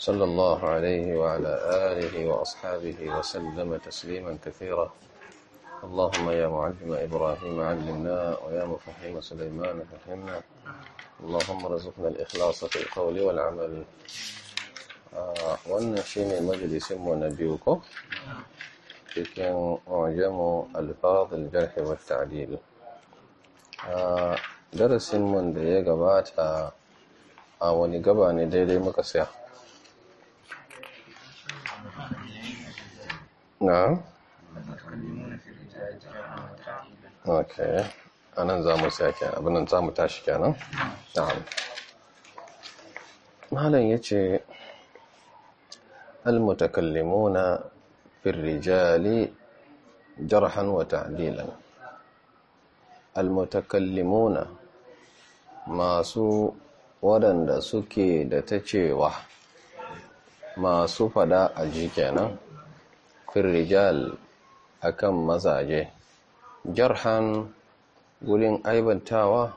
صلى الله عليه وعلى آله وأصحابه وسلم تسليما كثيرا اللهم يا معلم إبراهيم علمنا ويا مفهم سليمان فهمنا اللهم رزقنا الإخلاص في القول والعمل wannan shine majalisin mu na biyu ألفاظ الجرح والتعديل alfadil آه، jarhi من ta'dil darasin mun da ya na ok a nan za mu sake abinan za mu tashi kenan na'am malam ya ce almutakallimuna fi jarhan wa ta'dilan almutakallimuna masu waɗanda suke da ta cewa masu fada a ji kenan firrijal akan mazaje jarhan gurin aibantawa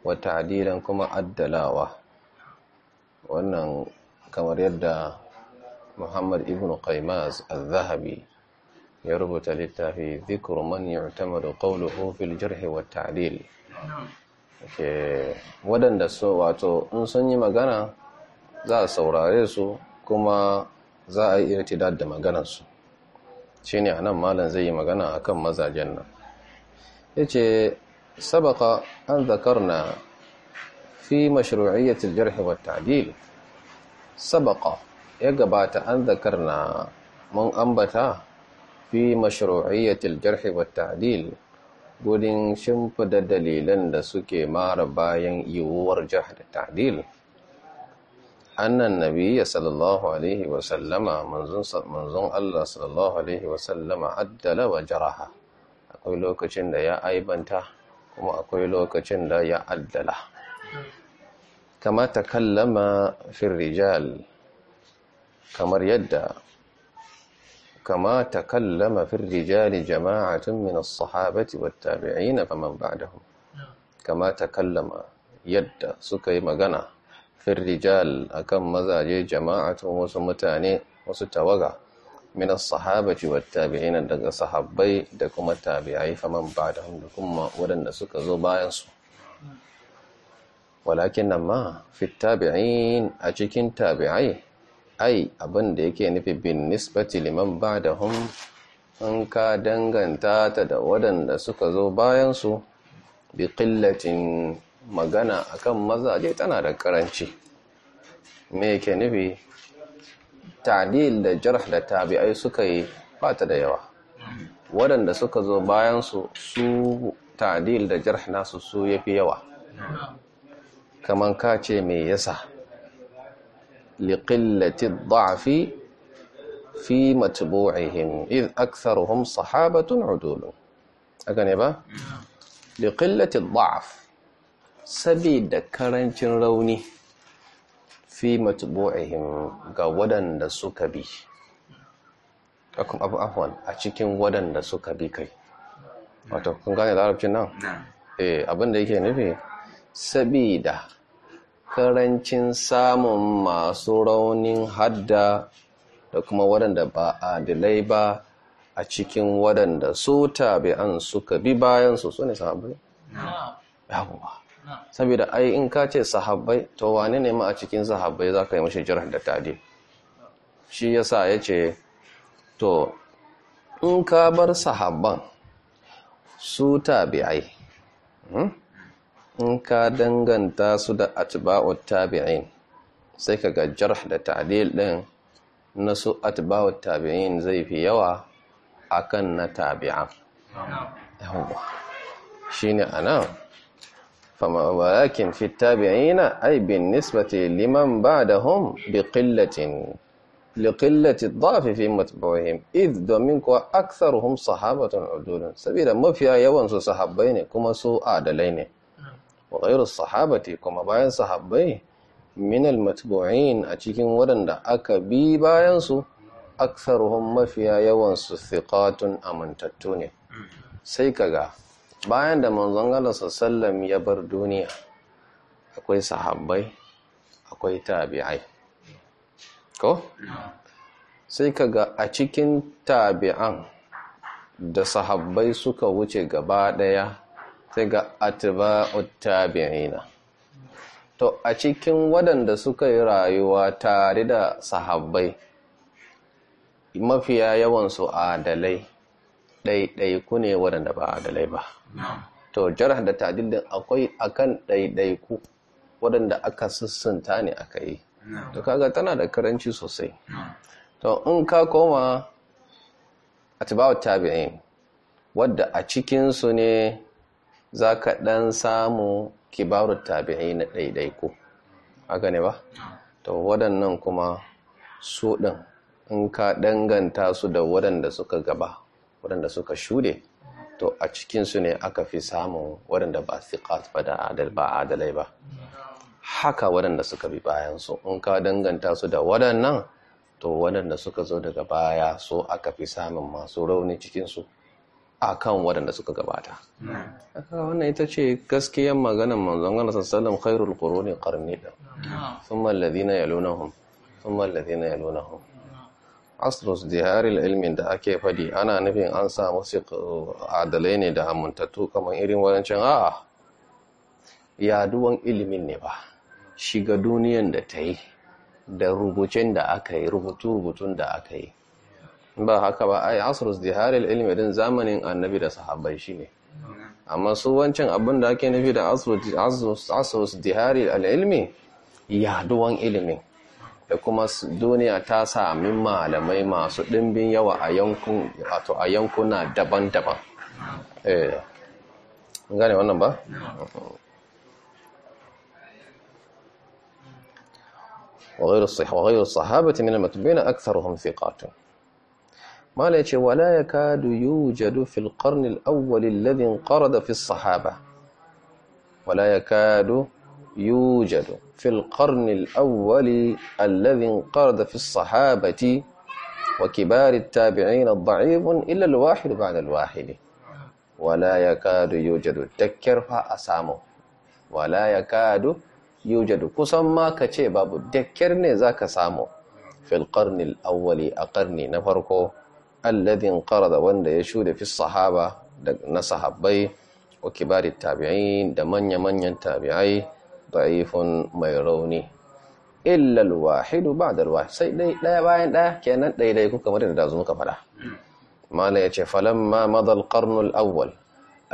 wa ta'dilan kuma addalawa wannan kamar yadda Muhammad ibn Qaymaz al-Zahabi ya rubuta littafi dhikru man yu'tamadu qawluhu fil jarh wa ta'dil Wadanda so wato in sun yi magana za a saurare su kuma za a yi irtidad da maganarsu shi ne a nan malam zai yi magana a kan mazajen nan ya ce sabaka an na fi mashru'iyyatul jarhi wa sabaka ya gabata an na mun ambata fi mashru'iyyatul jarhi wa ta'dil gudun shimfida dalilan da suke mara bayan yiwuwar jihar da annan nabiyya sallallahu alaihi wa sallama manzon Allah sallallahu alaihi wa addala wa jaraha akwai lokacin da ya aibanta kuma akwai lokacin da ya addala kama kallama fil rijal kamar yadda kama takallama fil rijal jama'atun min as-sahabati wat tabi'in faman ba'dahum kama kallama yadda suka yi magana firrijal akan mazaje tun wasu mutane wasu tawaga min sahabaci sahabati wat daga sahabbai da kuma tabi'ai faman ba da kuma wadanda suka zo bayansu walakin walakin amma fi tabi'in a cikin tabi'ai ai abinda yake nufi bin nisbati liman ba'dahum an ka danganta ta da waɗanda suka zo bayansu bi ƙillacin magana akan mazaje tana da karanci me yake nufi ta'dil da jarh da tabi'ai suka yi ba ta da yawa waɗanda suka zo bayan su su ta'dil da jarh nasu su yafi yawa kaman ka ce me yasa liqillati dha'fi fi matbu'ihim id aktharuhum sahabatun udul aka ne ba mm. liqillati dha'f saboda karancin rauni fi matbu'ihim ga waɗanda suka bi akum abu afwan a cikin waɗanda suka bi kai wato kun gane larabcin nan eh abinda yake nufi saboda karancin samun masu raunin hadda da kuma waɗanda ba adilai ba a cikin waɗanda su an suka bi bayan su ne Ya yawwa saboda ai in ka ce sahabbai to wane ne ma a cikin sahabbai za ka yi mashi jirar da tadi shi ya sa ya ce to in ka bar sahabban su tabi'ai hmm? in ka danganta su da atba'ut tabi'in sai ka ga jirar da tadi ɗin na su atba'ut tabi'in zai fi yawa akan na tabi'a ne a nan ولكن في التابعين أي بالنسبة لمن بعدهم بقلة لقلة الضعف في متبوعهم إذ دومينك أكثرهم صحابة عدول سبيلا ما في يوان سو صحابين كما سو عدلين وغير الصحابة كما باين صحابين من المتبوعين أتشكين ودن أكبي باين سو أكثرهم ما في يوان سو ثقات تتوني سيكا bayan da manzon Allah sallam ya bar duniya akwai sahabbai akwai tabi'ai ko sai kaga a cikin tabi'an da sahabbai suka wuce gaba daya sai ga atba'ut tabi'ina to a cikin waɗanda suka yi rayuwa tare da sahabbai mafiya yawan su adalai ɗaiɗaiku ne waɗanda ba adalai ba to jar da tadidin akwai akan ɗaiɗaiku waɗanda aka sussunta ne aka yi to kaga tana da karanci sosai to in ka koma atba'ut tabi'in wadda a cikinsu ne za ka ɗan samu kibarut tabi'in na ɗaiɗaiku haka ne ba to waɗannan kuma su ɗin in ka danganta su da waɗanda suka gaba waɗanda suka shuɗe to a cikinsu ne aka fi samun waɗanda ba su ba da ba adalai ba haka waɗanda suka bi bayansu in ka danganta su da waɗannan to waɗanda suka zo daga baya so aka fi samun masu rauni cikinsu a kan waɗanda suka gabata. wannan ita ce gaskiyar maganin manzon gana sassalin khairul ƙoroni ƙarni ɗin sun mallazi na yalonahun aslus diharil ilmin da ake fadi ana nufin an samu uh, adalai ne da hamuntattu kamar irin wadancan a'a yaduwan ilimin ne ba shiga duniyan da ta yi da rubucin da aka yi rubutu-rubutun da aka yi ba haka ba ai asrus diharil ilimin din zamanin annabi da sahabbai ne amma su wancan abin da ake nufi da asrus asrus diharil yaduwan ilimin da kuma duniya ta sami malamai masu ɗimbin yawa a yankuna daban-daban eh, gane wannan ba wagayar sahabata mina matubina aksar hamsi katon mala ya ce wala ya kadu yi wujadu fil karnil awwalin ladin karada fi sahaba wala يوجد في القرن الأول الذي انقرض في الصحابة وكبار التابعين ضعيف إلا الواحد بعد الواحد ولا يكاد يوجد تكر فأسامه ولا يكاد يوجد كسما كتي باب الدكر نزاك سامو في القرن الأول أقرن نفركو الذي انقرض وند يشود في الصحابة نصحبي وكبار التابعين دمن يمن ينتابعي da'ifun mai rauni illal wahidu ba'da alwahid sai dai daya bayan daya kenan dai kuka kamar da dazu muka faɗa. Malam yace falamma madha alqarn alawwal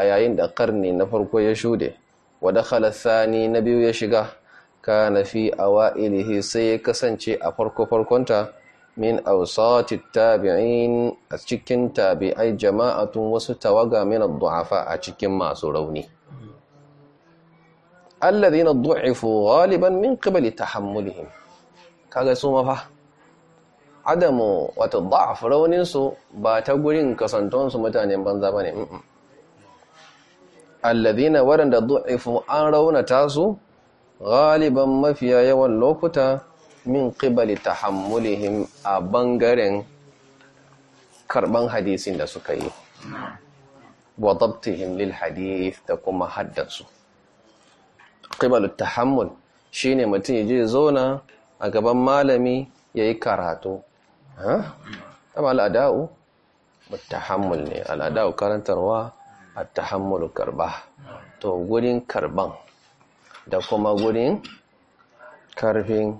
ayayin da karni na farko ya shude wa dakhala athani na biyu ya shiga kana fi awailihi sai ya kasance a farko farkonta min awsati tabi'in a cikin tabi'ai jama'atun wasu tawaga min ad-du'afa a cikin masu rauni alladhina du'ifu ghaliban min qibali tahammulihim kaga su mafa adamu wata da'af raunin su ba ta gurin kasantansu su mutanen banza bane alladhina waranda du'ifu an raunata su ghaliban mafiya yawan lokuta min qibali tahammulihim a bangaren karban hadisin da suka yi wa dabtihim lil hadith da kuma haddansu ƙibalu tahammul shi ne mutum ya je zona a gaban malami ya yi karatu ɗama al'ada'u tahammul ne al'ada'u karantarwa a tahammul karba to gudun karban da kuma gudun karfin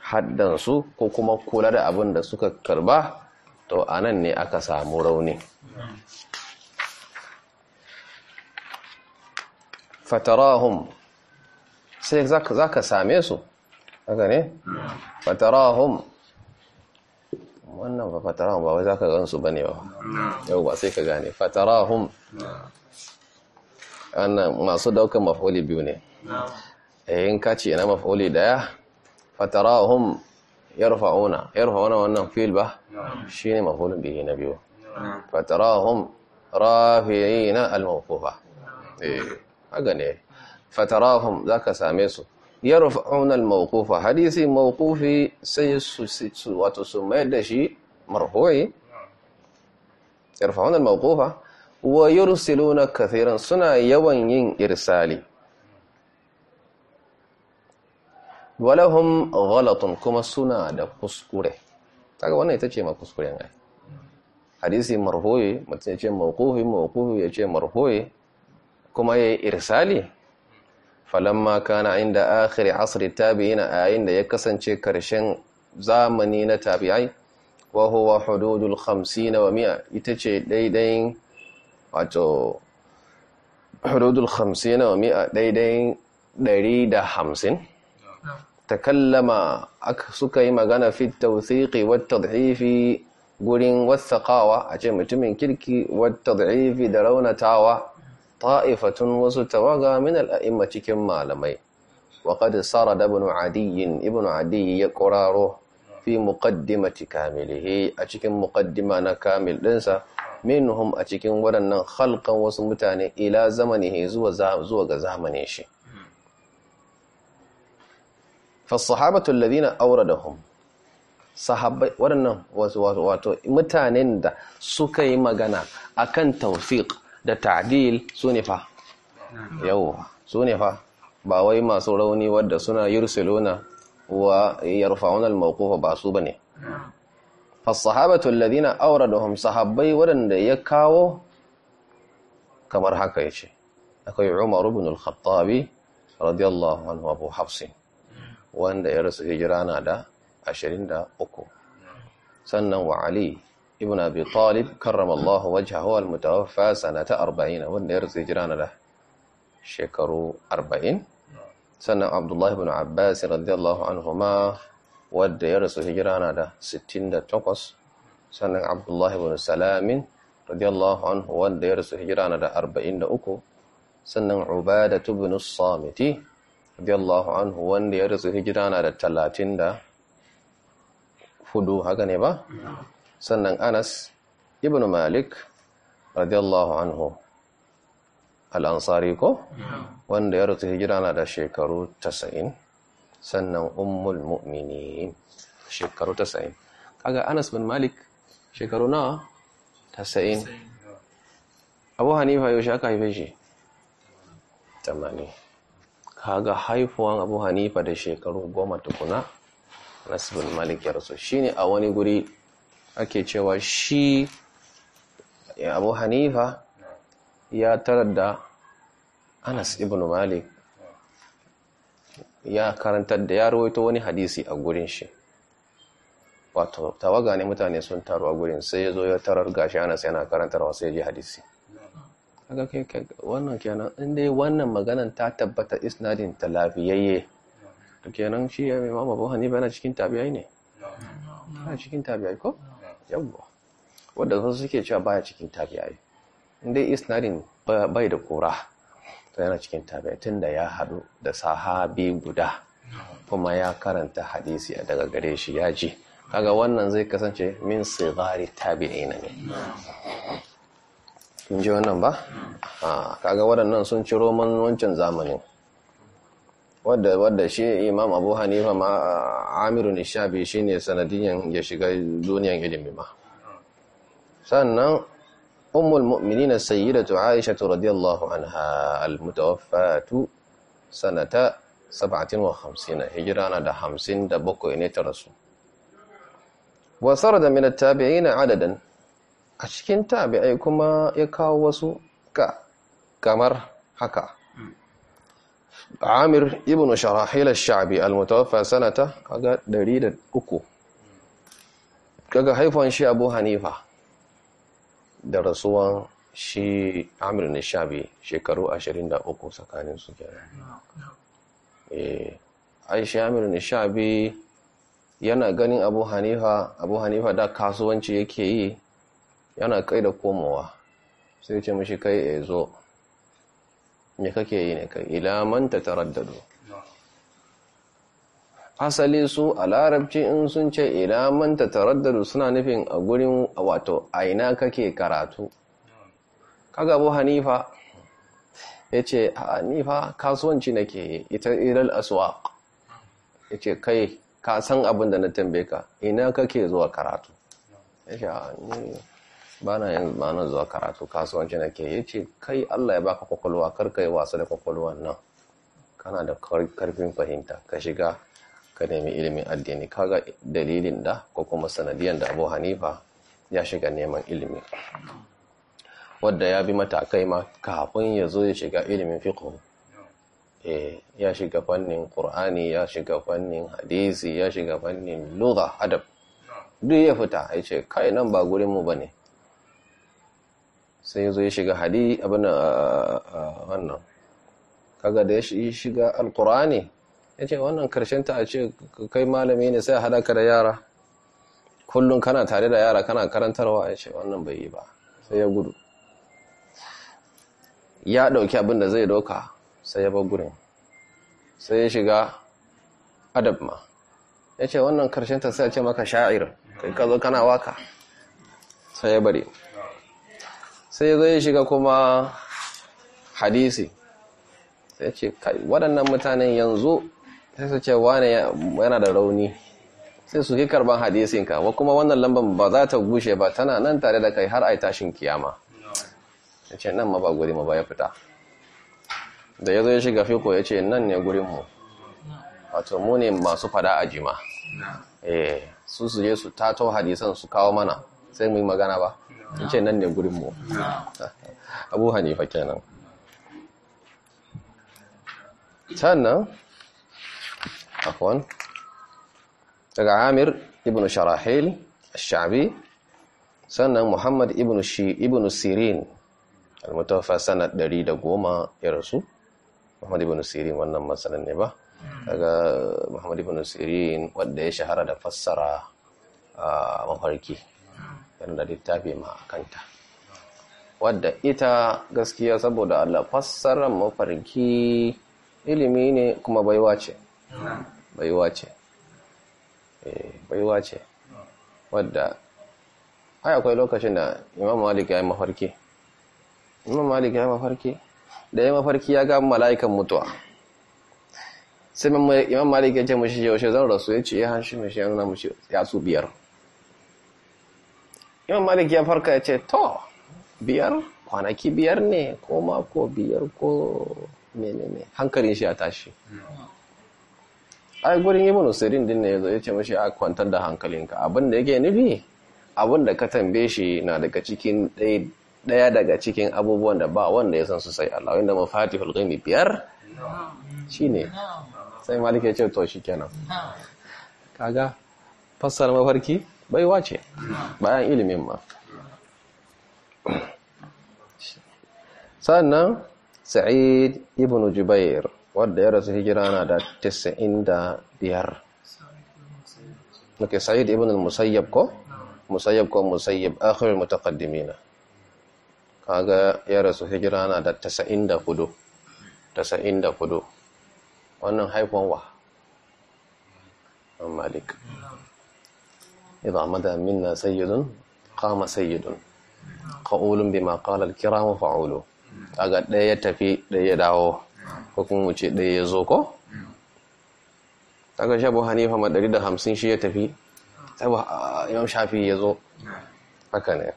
haddansu ko kuma kula da abin da suka karba to a nan ne aka samu rauni fatarahum sai za ka same su haka ne fatarahum wannan ba fatarahum ba wai za ka gansu ba ne ba yau ba sai ka gane fatarahum wannan masu daukan mafoli biyu ne eh, in ka ce na mafoli daya fatarahum yarfa'una yarfa'una wannan fil ba Shi ne mafulun biyu na biyu fatarahum rafi'ina al-mawqufa eh haka ne fatarahum za ka same su yarfa'una al-mawqufa hadisi mawqufi sai su wato su mai da shi marhuwi yarfa'una al-mawqufa wa na kathiran suna yawan yin irisali. Walahun ghalatun kuma suna da kuskure kaga wannan ita ce ma kuskure. ai hadisi marhuwi mutum ya ce mawqufi mawqufi ya ce marhuwi kuma yayi irisali? falamma kana inda akhiri asri tabi'ina a yayin da ya kasance karshen zamani na tabi'ai wa huwa hududul 50 wa 100 ita ce daidai wato hududul 50 wa 100 daidai 150 takallama suka yi magana fi tawthiqi wat tad'ifi gurin wasaqawa a ce mutumin kirki wat tad'ifi da raunatawa ta'ifatun wasu tawaga min al'a'imma cikin malamai wa qad sarada ibn adiy ibn adiy ya quraro fi muqaddimati kamilihi a cikin muqaddima na kamil dinsa minhum a cikin wadannan halkan wasu mutane ila zamanihi zuwa zuwa ga zamanin shi fa sahabatu alladhina awradahum sahabbai waɗannan wato mutanen da suka yi magana akan tawfiq da ta'dil su ne fa yawa su fa ba wai masu rauni wadda suna yursiluna wa yarfa'una al-mawqufa ba su bane fasahabatu alladhina awraduhum sahabbai wadanda ya kawo kamar haka yace akwai Umar ibn al khattab radiyallahu anhu Abu Hafs wanda ya rasu hijira na da 23 sannan wa Ali ibn abi talib karramallahu wajhahu almutawaffa sanata 40 wanda ya rutse jira na da shekaru 40 sannan abdullahi ibn abbas radiyallahu anhuma wanda ya rasu hijira na da 68 sannan abdullahi ibn salamin radiyallahu anhu wanda ya rasu hijira na da 43 sannan ubadatu ibn samiti radiyallahu anhu wanda ya rasu hijira na da 34 haka ne ba sannan anas ibn malik radiyallahu anhu al'ansari ko wanda ya rutu hijira na da shekaru 90 sannan ummul mu'minin shekaru 90 kaga anas bin malik shekaru na 90 abu hanifa yaushe aka haife shi 80 kaga haifuwan abu hanifa da shekaru goma tukuna anas bin malik ya rasu ne a wani guri ake cewa shi abu hanifa ya tarar da anas ibn malik ya karantar da ya rawaito wani hadisi a gurin shi wato tawaga ne mutane sun taru a gurin sai ya zo ya tarar gashi anas yana karantarwa sai ya ji hadisi kaga kai wannan kenan inda wannan maganan ta tabbata isnadin ta lafiyayye to kenan shi ya mai mamabu hanifa yana cikin tabi'ai ne yana cikin tabi'ai ko yawwa wanda wasu suke cewa baya cikin tabi'ai inda isnadin bai da kura ta yana cikin tabi'ai da ya hadu da sahabi guda kuma ya karanta hadisi daga gare shi ya ji kaga wannan zai kasance min sigari tabi'ina ne kun ji wannan ba ah, kaga waɗannan sun ciro man wancan zamanin wadda wadda shi imam abu hanifa ma amirun ishabi shi ne sanadiyan ya shiga duniyan ilimi ma sannan ummul Sayyida sayyidatu aisha radiyallahu anha almutawaffatu sanata 57 hijira na da bakwai ne ta rasu wa da mina tabi'i na adadan a cikin tabi'ai kuma ya kawo wasu ka kamar haka amir ibn sharahil al-sha'bi al-mutawaffa sanata kaga 103 kaga haifan shi abu hanifa da rasuwan shi amir ne sha'bi shekaru 23 tsakanin su kenan eh ai shi amir sha'bi yana ganin abu hanifa abu hanifa da kasuwanci yake yi yana kai da komowa sai ce shi kai ya eh, zo me kake yi ne kai ila man tataraddadu asali su a larabci in sun ce ila man tataraddadu suna nufin a gurin wato aina kake karatu kaga bu Hanifa ce Hanifa kasuwanci nake ita aswa ya yace kai ka san abin da na tambaye ka ina kake zuwa karatu yace ni bana yin bana zuwa karatu kasuwanci na nake yace kai Allah ya baka kwakwalwa kar yi wasa da kwakwalwa nan kana da karfin fahimta ka shiga ka nemi ilimin addini kaga dalilin da ko kuma sanadiyan da Abu Hanifa ya shiga neman ilimi wadda ya bi matakai ma kafin ya zo ya shiga ilimin fiko eh, ya shiga fannin Qur'ani ya shiga fannin hadisi ya shiga fannin lugha adab duk ya fita yace kai nan ba gurinmu ba ne. sai ya zo ya shiga hadi abin wannan kaga da ya shiga alkur'ani ya ce wannan karshen ta a ce kai malami ne sai a haɗa ka da yara kullum kana tare da yara kana karantarwa ya ce wannan bai yi ba sai ya gudu ya ɗauki abin da zai doka sai ya bar gurin sai ya shiga adab ma ya ce wannan karshen ta sai a ce maka sha'ir kai ka zo kana waka sai ya bari sai zai shiga kuma hadisi sai ce waɗannan mutanen yanzu sai su ce wane yana da rauni sai su ki karban hadisinka wa kuma wannan lambar ba za ta gushe ba tana nan tare da kai har a tashin kiyama ya ce nan ma ba guri ma ba ya fita da ya zo ya shiga ko ya ce nan ne gurinmu wato mu ne masu fada a jima eh, su su je su tato hadisan su kawo mana sai mu yi magana ba ce nan ne gurin mu Abu Hanifa kenan sannan akwai daga Amir ibn Sharahil shabi sannan Muhammad ibn Shi ibn Sirin al-mutawaffa sanad 110 ya rasu Muhammad ibn Sirin wannan matsalin ne ba daga Muhammad ibn Sirin wadda ya shahara da fassara a ah, mafarki da littafi ma a kanta wadda ita gaskiya saboda Allah fassarar mafarki ilimi ne kuma baiwa ce baiwa ce eh, baiwa ce wadda ai akwai lokacin da imam malik ya yi mafarki imam malik ya yi mafarki da ya mafarki ya ga mala'ikan mutuwa sai imam malik ya ce mashi yaushe zan rasu ya ce ya hanshi mashi yanzu na mashi ya su biyar imam malik ya farka ya ce to biyar kwanaki biyar ne ko mako biyar ko menene hankalin shi ya tashi ai gurin ibn usirin din ne yazo ya ce mashi a kwantar da hankalinka abin da yake nufi abin da ka tambaye shi na daga cikin daya daga cikin abubuwan da ba wanda ya san su sai Allah Fati mafatihul ghaimi biyar shi ne sai malik ya ce to kenan. kaga fassara mafarki baiwa ce bayan ilimin ma sannan sa'id ibn jubair wadda ya rasu hijira na da 95 nake sa'id ibn musayyab ko musayyab ko musayyab akhirul mutaqaddimin kaga ya rasu hijira na da 94 94 wannan haifon wa malik إذا مدى منا سيد قام سيد قول بما قال الكرام فعولوا aga ɗaya ya tafi ɗaya ya dawo ko kuma ce ɗaya ya zo ko? shabu hanifa ma 150 shi ya tafi sai imam shafi ya zo haka ne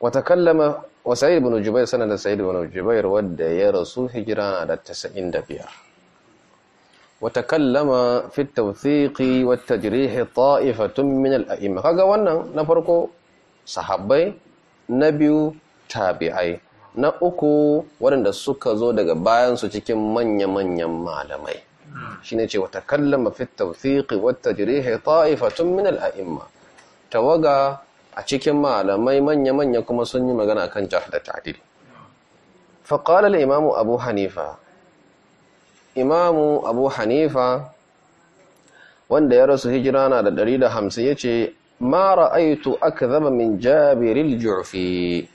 wata kallama wa sa'id ibn jubair sanan da sa'id wadda ya rasu hijira da 95 وتكلم في التوثيق والتجريح min من الأئمة kaga wannan na farko sahabbai na biyu tabi'ai na uku waɗanda suka zo daga bayan su cikin manya-manyan malamai shine ce watakallama takallama fi at-tawthiq tajrih ta'ifatun min al-a'imma tawaga a cikin malamai manya-manya kuma sun yi magana kan jahl da ta'dil fa qala al-imam abu hanifa imamu abu hanifa wanda ya rasu hijira na da hamsin, ya ce ma ra'aitu zama min jabiril ju'fi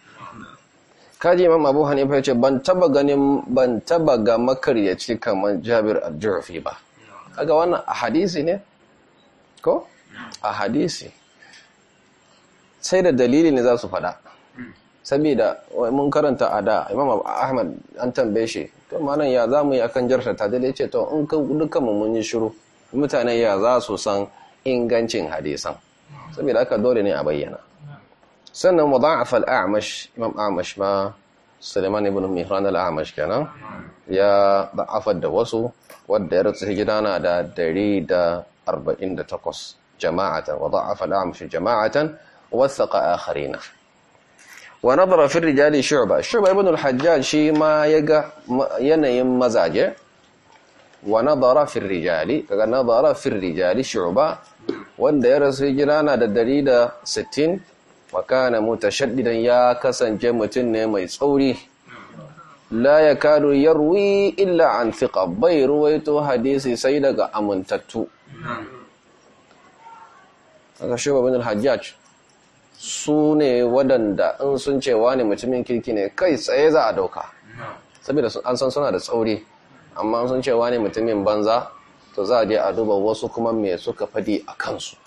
kaji imam abu hanifa ya ce ban taba ganin ban taba ga makaryaci kamar jabir al-ju'fi ba kaga wannan a hadisi ne ko a hadisi sai da dalili ne za su fada saboda mun karanta a da imam ahmad an tambaye shi to malam ya za mu yi akan jarta ta dai ce to in dukkan mu mun yi shiru mutane ya za su san ingancin hadisan saboda haka dole ne a bayyana sannan mudha'af al-a'mash imam a'mash ma Suleiman ibn Mihran al kenan ya da'afar da wasu wanda ya rutsi gida na da 148 jama'atan wa da'afa al jama'atan wasaqa akharina wa nadara fi rijali shu'ba shu'ba ibn al-hajjaj shi ma yaga yanayin mazaje wa nadara fi rijali kaga nadara fi rijali shu'ba wanda ya rasu hijira na da 160 kana mutashaddidan ya kasance mutum ne mai tsauri la yakadu yarwi illa an thiqa bai ruwaito hadisi sai daga amintattu kaga shu'ba ibn al-hajjaj su ne waɗanda in sun ce wani mutumin kirki ne kai tsaye za a dauka saboda an san suna da tsauri amma sun ce wani mutumin banza to za a je a duba wasu kuma me suka fadi a kansu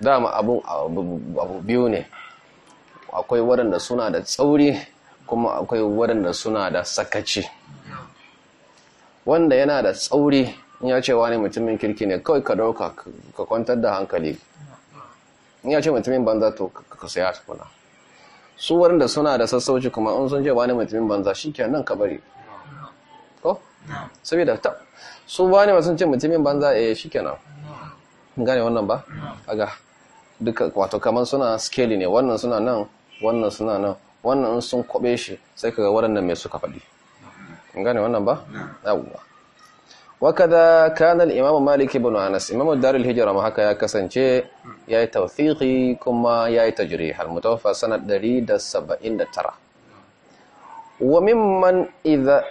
dama abu biyu ne akwai waɗanda suna da tsauri kuma akwai waɗanda suna da sakaci wanda yana da tsauri in ya ce wani mutumin kirki ne kawai ka dauka ka kwantar da hankali in ya ce mutumin banza to ka saya tukuna su waɗanda suna da sassauci kuma in sun ce wani mutumin banza shi ke nan ka bari ko? saboda ta su wani masu ce mutumin banza ya eh, shi ke nan gane wannan ba? aga duka wato kamar suna skeli ne wannan suna nan wannan suna nan wannan sun kobe shi sai ka ga waɗanda mai suka faɗi gane wannan ba? yawwa wakada kanar imamu maliki bin anas imamu darul hijira ma haka ya kasance yayi yi kuma yayi yi tajiri sanar ɗari da saba'in da tara wa mimman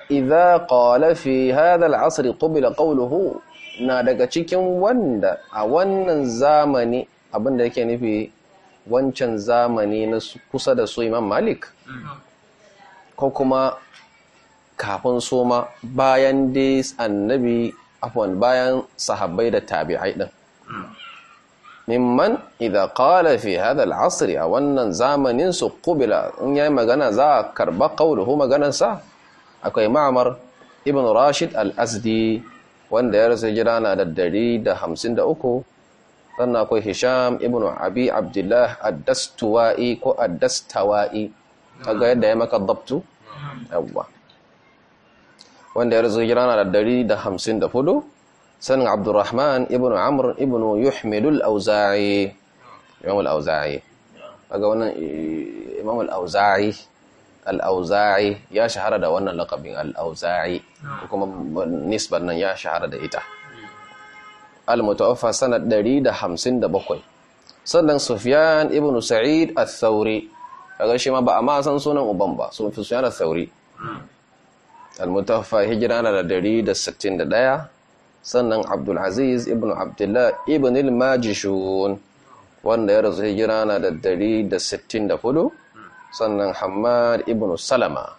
idha ƙwale fi haɗa al'asari ƙubila ƙauluhu na daga cikin wanda a wannan zamani abinda yake nufi wancan zamani na kusa da su imam malik ko kuma kafin soma bayan dai annabi afwan bayan sahabbai da tabi'ai din mimman idza qala fi hadha al a wannan zamanin su qubila in yayi magana za a karba qawluhu maganar sa akwai ma'mar ibn rashid al-asdi wanda ya rasu jira na da 153 sannan akwai hisham ibn abi abdullah ad-dastuwai ko ad-dastawa'i kaga yadda ya maka dabtu yawwa wanda ya rasu hijira na da dari da hamsin da hudu sanin abdurrahman ibn Amur, ibn yuhmedul auza'i imam al-auza'i wannan eh, imam al-auza'i ya shahara da wannan lakabin al kuma nisbar nan ya shahara da ita al-mutawaffa sanad 157 sannan sufyan ibn sa'id al thauri daga shi ma ba a ma san sunan uban ba sufyan al thauri al-mutawaffa hijira na da 161 sannan Abdul aziz ibn abdullah ibn al-majishun wanda ya rasu hijira na da 164 sannan hamad ibn salama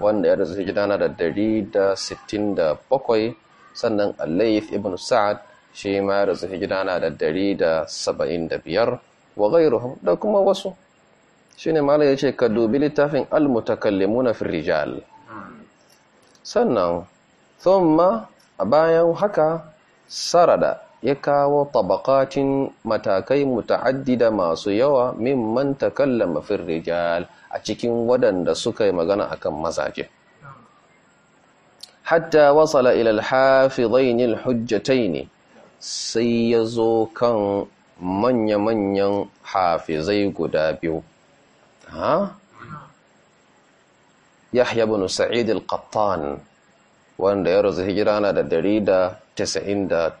wanda ya rasu hijira na da 167 sannan al-layth ibn sa'ad shi ma ya rasu hijira na da 175 wa ghayruhum da kuma wasu shine malai yace ka dubi littafin al-mutakallimuna fi rijal sannan thumma a bayan haka sarada ya kawo tabaqatin matakai muta'addida masu yawa mimman takallama fil rijal a cikin waɗanda suka yi magana akan mazaje hatta wasala ila al-hafizain al ne, sai yazo kan manya-manyan hafizai guda biyu ha Yahya bin Sa'id al-Qattan wanda ya rasu hijira na da 198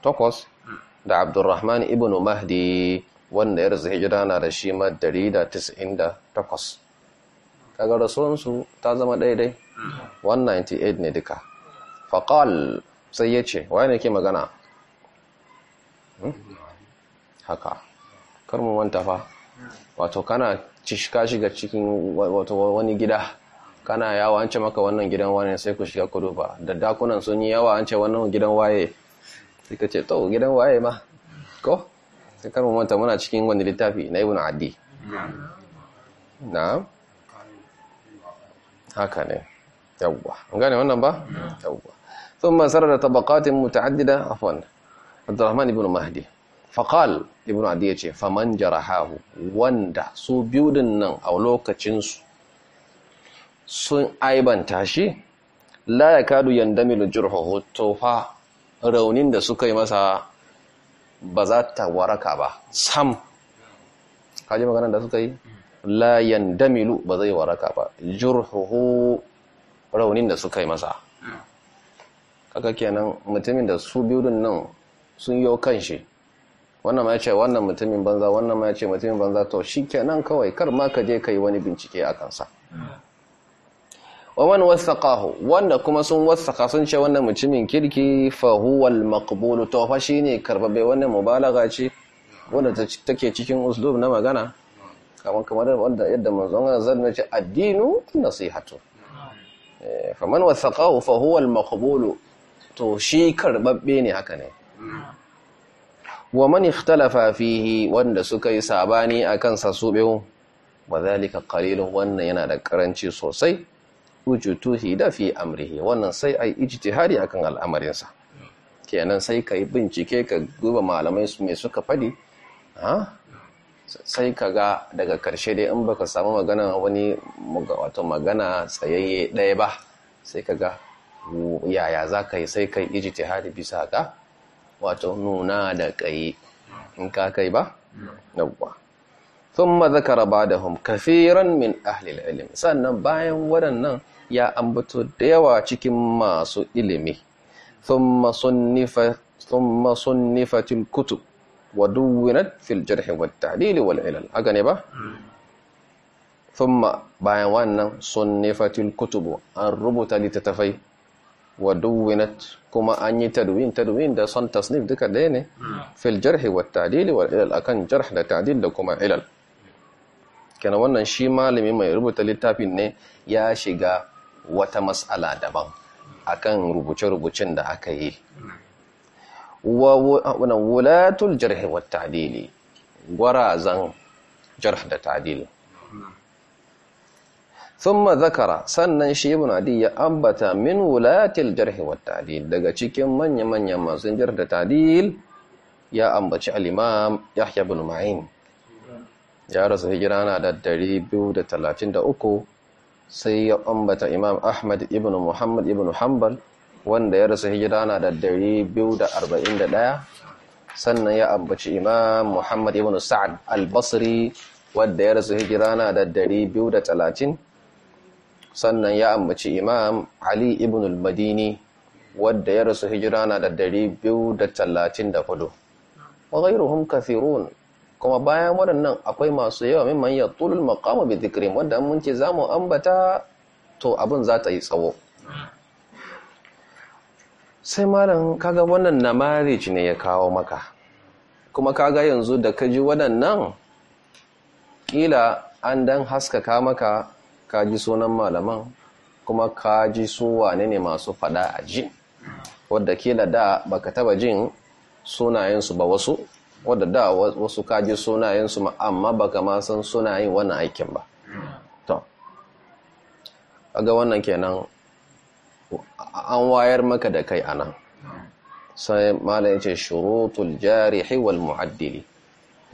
da Abdurrahman ibn Mahdi wanda ya rasu hijira na da shi ma 198 kaga rasuwansu ta zama daidai 198 ne duka faqal sai ya ce ne ke magana hmm? haka kar mu manta fa wato kana ka shiga cikin wato wani gida kana yawa an ce maka wannan gidan wane sai ku shiga kudu ba da dakunan sun yi yawa an ce wannan gidan waye sai ka ce to gidan waye ma ko sai kar mu manta muna cikin wani littafi na ibn adi na haka ne yawwa an gane wannan ba yawwa ثم سرد طبقات متعددة عفوا عبد ibn Mahdi مهدي فقال ابن عدي يce faman jarahahu wanda su biyu din nan a lokacin su sun aibanta shi la ya kadu mil jurhuhu to fa raunin da suka yi masa ba za ta waraka ba sam kaji maganar da suka yi la milu, ba zai waraka ba jurhuhu raunin da suka yi masa kaka kenan mutumin da su din nan sun yi kan shi wannan ma ya ce wannan mutumin banza wannan ma ya ce mutumin banza to shi kenan kawai kar ma ka je ka yi wani bincike a kansa wa man wasaqahu wanda kuma sun wasaka sun ce wannan mutumin kirki fa huwa al-maqbul to fa shine karbabe wannan mubalagha ce wanda take cikin uslub na magana kamar kamar wanda yadda manzon Allah zan ce addinu nasihatu eh, fa man wasaqahu fa huwa al-maqbul to shi bai ne haka ne wa man ikhtalafa fihi wanda suka yi sabani akan sa su biyu wa dhalika qalilun wannan yana da karanci sosai wujutuhi da fi amrihi wannan sai ai a akan al'amarinsa kenan sai kai bincike ka duba malamai su mai suka fadi sai ka ga daga karshe dai in baka samu magana wani wato magana tsayayye ɗaya ba sai ka ga yaya za ka yi sai ka yi hari bisa ga wato nuna da kai in ka kai ba yawwa thumma zakara ba'dahum kafiran min ahli al-ilm sannan bayan waɗannan ya ambato da yawa cikin masu ilimi thumma sunnifa thumma sunnifatil kutub wa duwinat fil jarh wat ta'dil wal ilal haka ne ba thumma bayan wannan sunnifatil kutub an rubuta littattafai wa duwinat kuma an yi tadwin tadwin da son tasnif duka ɗaya ne hmm. fil jarh wat ta'dil wal ilal akan jarh da ta'dil da kuma ilal kenan wannan shi malami mai rubuta littafin ne ya shiga wata matsala daban akan rubuce-rubucen da aka yi wulatul jarhi wa ta'dili gwarazan jarh da ta'dili thumma zakara sannan shi ibn adi ya ambata min wulatil jarhi wa ta'dil daga cikin manya-manyan masu jarh da ta'dil ya ambaci al-imam yahya ibn ma'in ya rasu hijira na da 233 sai ya ambata imam ahmad ibn muhammad ibn hanbal wanda ya rasu hijira na da 241 sannan ya ambaci imam muhammad ibn sa'ad al-basri wanda ya rasu hijira na da 230 sannan ya ambaci imam ali ibn al-madini wanda ya rasu hijira na da 234 wa ghairuhum kathirun kuma bayan waɗannan akwai masu yawa mimman ya tulul maqama bi dhikrin wadda mun ce mu ambata to abin za ta yi tsawo sai malam kaga wannan namarij ne ya kawo maka kuma kaga yanzu da ka ji waɗannan ƙila an dan haskaka maka ka ji sunan malaman kuma ka ji su wane ne masu fada a ji wadda kila da baka taba jin sunayensu ba wasu wadda da wasu kaji sunayensu amma baka ma san sunayen wannan aikin ba to aga wannan kenan an wayar maka da kai anan sai malam ce shurutul jarihi wal muaddili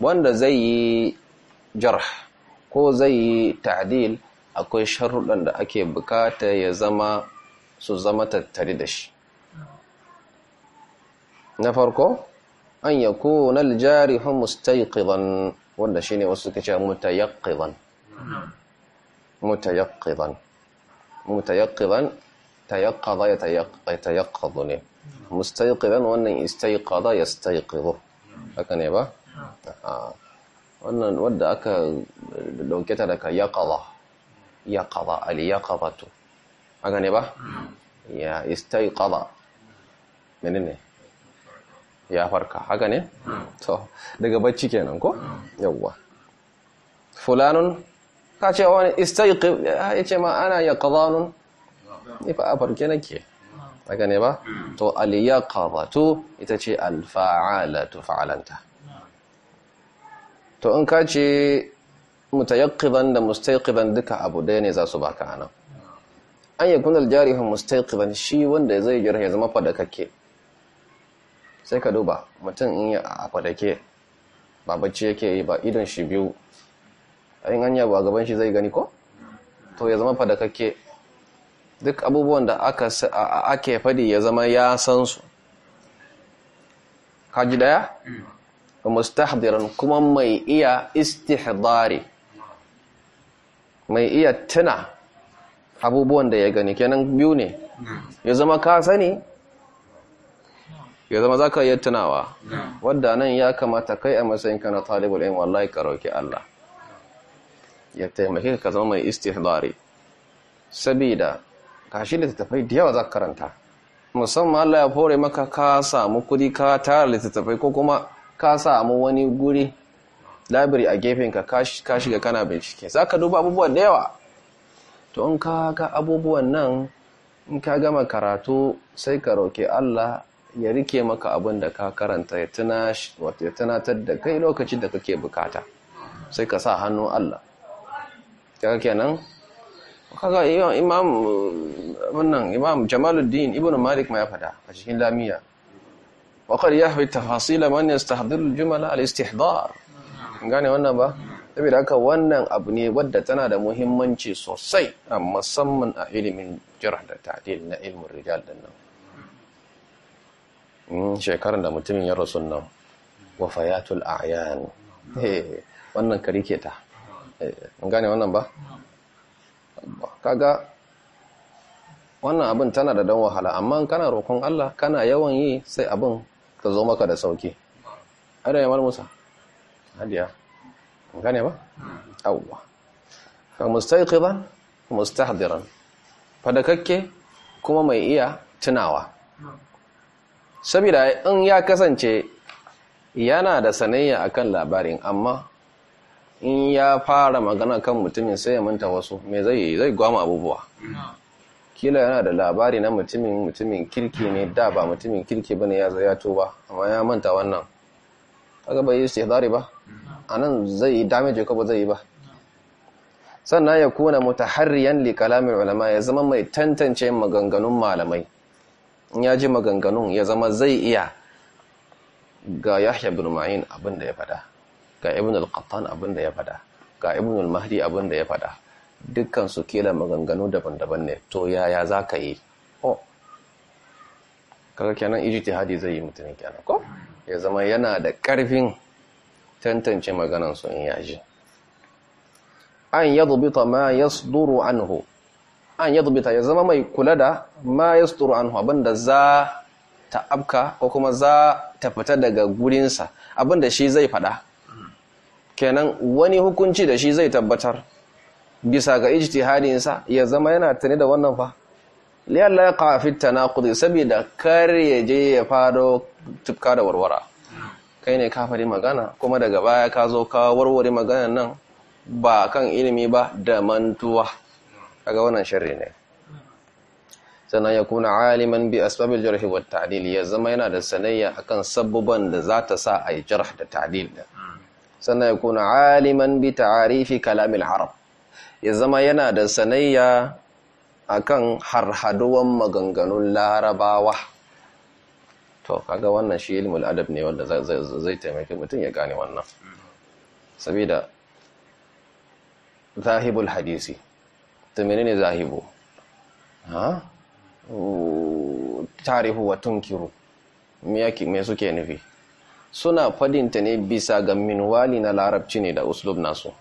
wanda zai yi jarh ko zai yi ta'dil akwai sharuɗan da ake bukata ya zama su zama tattare da shi na farko an yakuna al-jarihu mustayqidan wanda ne wasu suka ce mutayaqqidan mutayaqqidan mutayaqqidan tayaqqada yatayaqqadu ne mustayqidan wannan istayqada yastayqidu haka ne ba wannan wanda aka dauke ta daga yaqada yaqada al-yaqadatu haka ne ba ya istayqada menene ya farka haka ne to daga bacci kenan ko yawwa fulanun ka ce wani istaiqib ya ce ma ana yaqdanun ni fa a na nake haka ne ba to al ita ce al fa'alanta to in ka ce mutayaqqidan da mustaiqidan duka abu ɗaya ne za su baka ana an yakun al-jarihu shi wanda zai jira ya zama fadakakke sai ka duba mutum in yi a fadake ba bacci yake yi ba idon shi biyu in hanya ba gaban shi zai gani ko to ya zama fadakakke duk abubuwan da ake fadi ya zama ya san su kaji daya mustahdiran kuma mai iya istihdari mai iya tuna abubuwan da ya gani kenan biyu ne ya zama ka sani ya zama za ka yi tunawa wadda nan ya kamata kai a matsayin kana talibul ilmi wallahi ka roki Allah ya taimake ka zama mai istihdari sabida kashi da tafai da yawa za ka karanta musamman Allah ya fore maka ka samu kudi ka tara litattafai ko kuma ka samu wani guri labiri a gefen ka shiga kana bincike za ka duba abubuwan da yawa to in ka ga abubuwan nan in ka gama karatu sai ka roke Allah ya rike maka abin da ka karanta ya tunatar da kai lokacin da kake bukata sai ka sa hannu Allah kaga kenan kaga imam wannan imam Jamaluddin ibn Malik ma ya fada a cikin lamiya وقد يحوي تفاصيل من يستحضر الجمل الاستحضار gane wannan ba saboda haka wannan abu ne wadda tana da muhimmanci sosai a musamman a ilimin jarh da ta'dil na ilmin rijal din nan Hmm, shekarun da mutumin ya rasu nan wafayatul a'yan eh, wannan kari ke ta eh, gane wannan ba kaga wannan abin tana da don wahala amma kana roƙon Allah kana yawan yi sai abin ka zo maka da sauki ada ya musa hadiya gane ba awwa ka mustayqidan mustahdiran fadakakke kuma mai iya tunawa saboda in ya kasance yana da sanayya akan labarin amma in ya fara magana kan mutumin sai ya manta wasu mai zai yi zai gwama abubuwa kila yana da labari na mutumin mutumin kirki ne da ba mutumin kirki bane ya zai yato ba amma ya manta wannan kaga bai yi istihdari ba a nan zai damage ko ba zai yi ba sannan ya kuna mutaharriyan li kalamin ulama ya zama mai tantance maganganun malamai in ya ji maganganun ya zama zai iya ga yahya bin ma'in abin da ya fada ga ibn al-qattan abin da ya fada ga ibn al-mahdi abin da ya fada dukkan su kila maganganu daban-daban ne to yaya za ka yi oh kaga kenan ijtihadi zai yi mutumin kenan ko ya zama yana da karfin tantance maganan su in yaji an yadbita ma yasduru anhu an yadbita ya zama mai kula da ma an abin abinda za ta abka ko kuma za ta fita daga gurinsa abinda shi zai fada kenan wani hukunci da shi zai tabbatar bisa ga ijtihadinsa ya zama yana tare da wannan fa liyalla ya kafi tanaqudi saboda kar ya je ya fado tuka da warwara kai ne ka fari magana kuma daga baya ka zo ka warware magana nan ba kan ilimi ba da mantuwa kaga wannan sharri ne sannan ya kuna aliman bi asbabil jarh wa ta'dil ya zama yana da sanayya akan sabbaban da za ta sa ai jarh da ta'dil sannan ya kuna aliman bi ta'arif kalamil arab ya zama yana da sanayya akan harhaduwan maganganun larabawa to kaga wannan shi ilmul adab ne wanda zai taimaki mutum ya gane wannan sabida zahibul hadisi to menene zahibu ha tarihu wa tunkiru me suke nufi suna fadinta ne bisa ga minwali na larabci ne da uslub nasu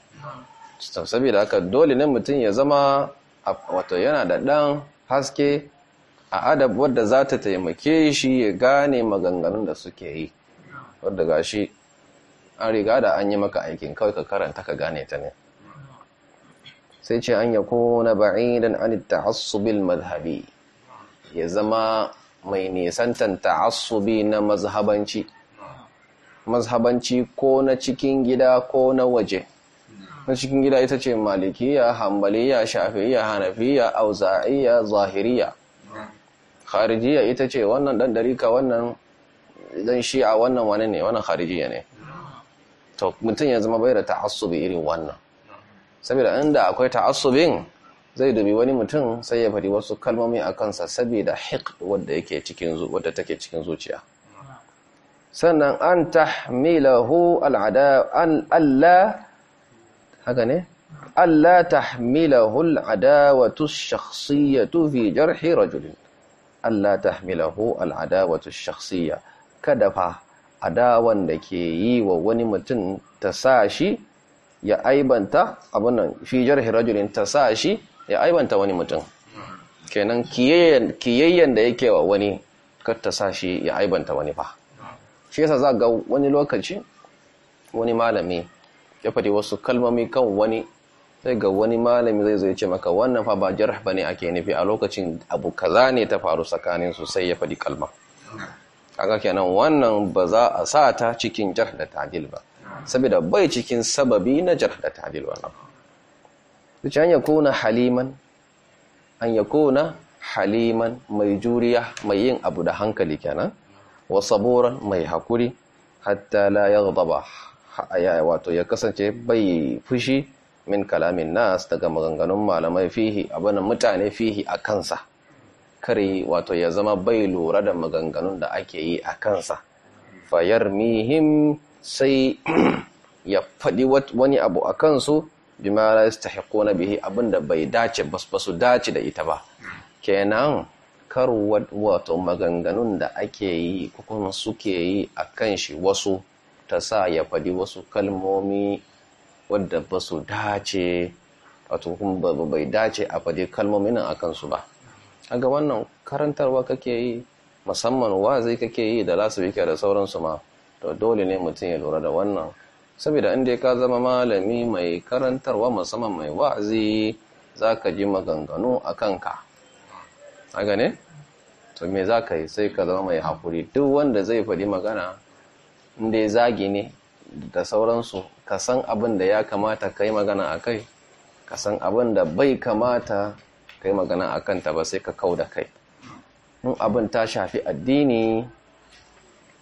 saboda haka dole ne mutum ya zama wato yana da ɗan haske a adab wadda za ta taimake shi ya gane maganganun da suke yi wadda gashi an riga da an yi maka aikin kawai ka karanta ka gane ta ne sai ce an na ba'idan an asubin mazhabi ya zama mai nisantan ta'assubi na mazhabanci mazhabanci ko na cikin gida ko na waje na cikin gida ita ce malikiya hambaliya shafiya hanafiya auza'iya zahiriya kharijiya ita ce wannan dan dariƙa wannan dan shi'a wannan wani ne wannan kharijiya ne to mutum ya zama bai da ta'assubi irin wannan saboda inda akwai ta'assubin zai dubi wani mutum sai ya fadi wasu kalmomi a kansa saboda hiq wadda yake cikin take cikin zuciya sannan an tahmilahu al'ada alla haka ne alla tahmilahu al'adawatu shakhsiyatu fi jarhi rajulin alla tahmilahu al'adawatu shakhsiyya kada fa adawan da ke yi wa wani mutum ta sa shi ya aibanta abunan fi jarhi rajulin ta sa shi ya aibanta wani mutum kenan kiyayyen da yake wa wani kar ta sa shi ya aibanta wani ba shi yasa za ga wani lokaci wani malami ya faɗi wasu kalmomi kan wani sai ga wani malami zai zai ce maka wannan fa ba jar jarh bane ake nufi a lokacin abu kaza ne ta faru tsakanin su sai ya faɗi kalma kaga kenan wannan ba za a sa ta cikin jar da ta'dil ba saboda bai cikin sababi na jar da ta'dil wannan dace an ya haliman an kuna haliman mai juriya mai yin abu da hankali kenan wa saburan mai hakuri hatta la yaghdaba ya wato ya kasance bai fushi min kalamin nas daga maganganun malamai fihi abana mutane fihi a kansa kare wato ya zama bai lura da maganganun da ake yi a kansa fayar mihim sai ya faɗi wani abu a kansu bima la na bihi abinda bai dace su dace da ita ba kenan kar wato maganganun da ake yi kuma suke yi a kan shi wasu ta sa ya faɗi wasu kalmomi wadda ba su dace wato kuma bai dace a faɗi kalmomin a kansu ba ga wannan karantarwa kake yi musamman wa zai kake yi da lasu da sauransu ma to dole ne mutum ya lura da wannan saboda inda ka zama malami mai karantarwa musamman mai wa'azi za ka ji maganganu a kanka a ne? to me za ka yi sai ka zama mai haƙuri duk wanda zai faɗi magana inda ya zagi ne da sauransu ka san abin da ya kamata ka yi magana a kai ka san abin da bai kamata ka yi magana a kanta ba sai ka kau da kai in abin ta shafi addini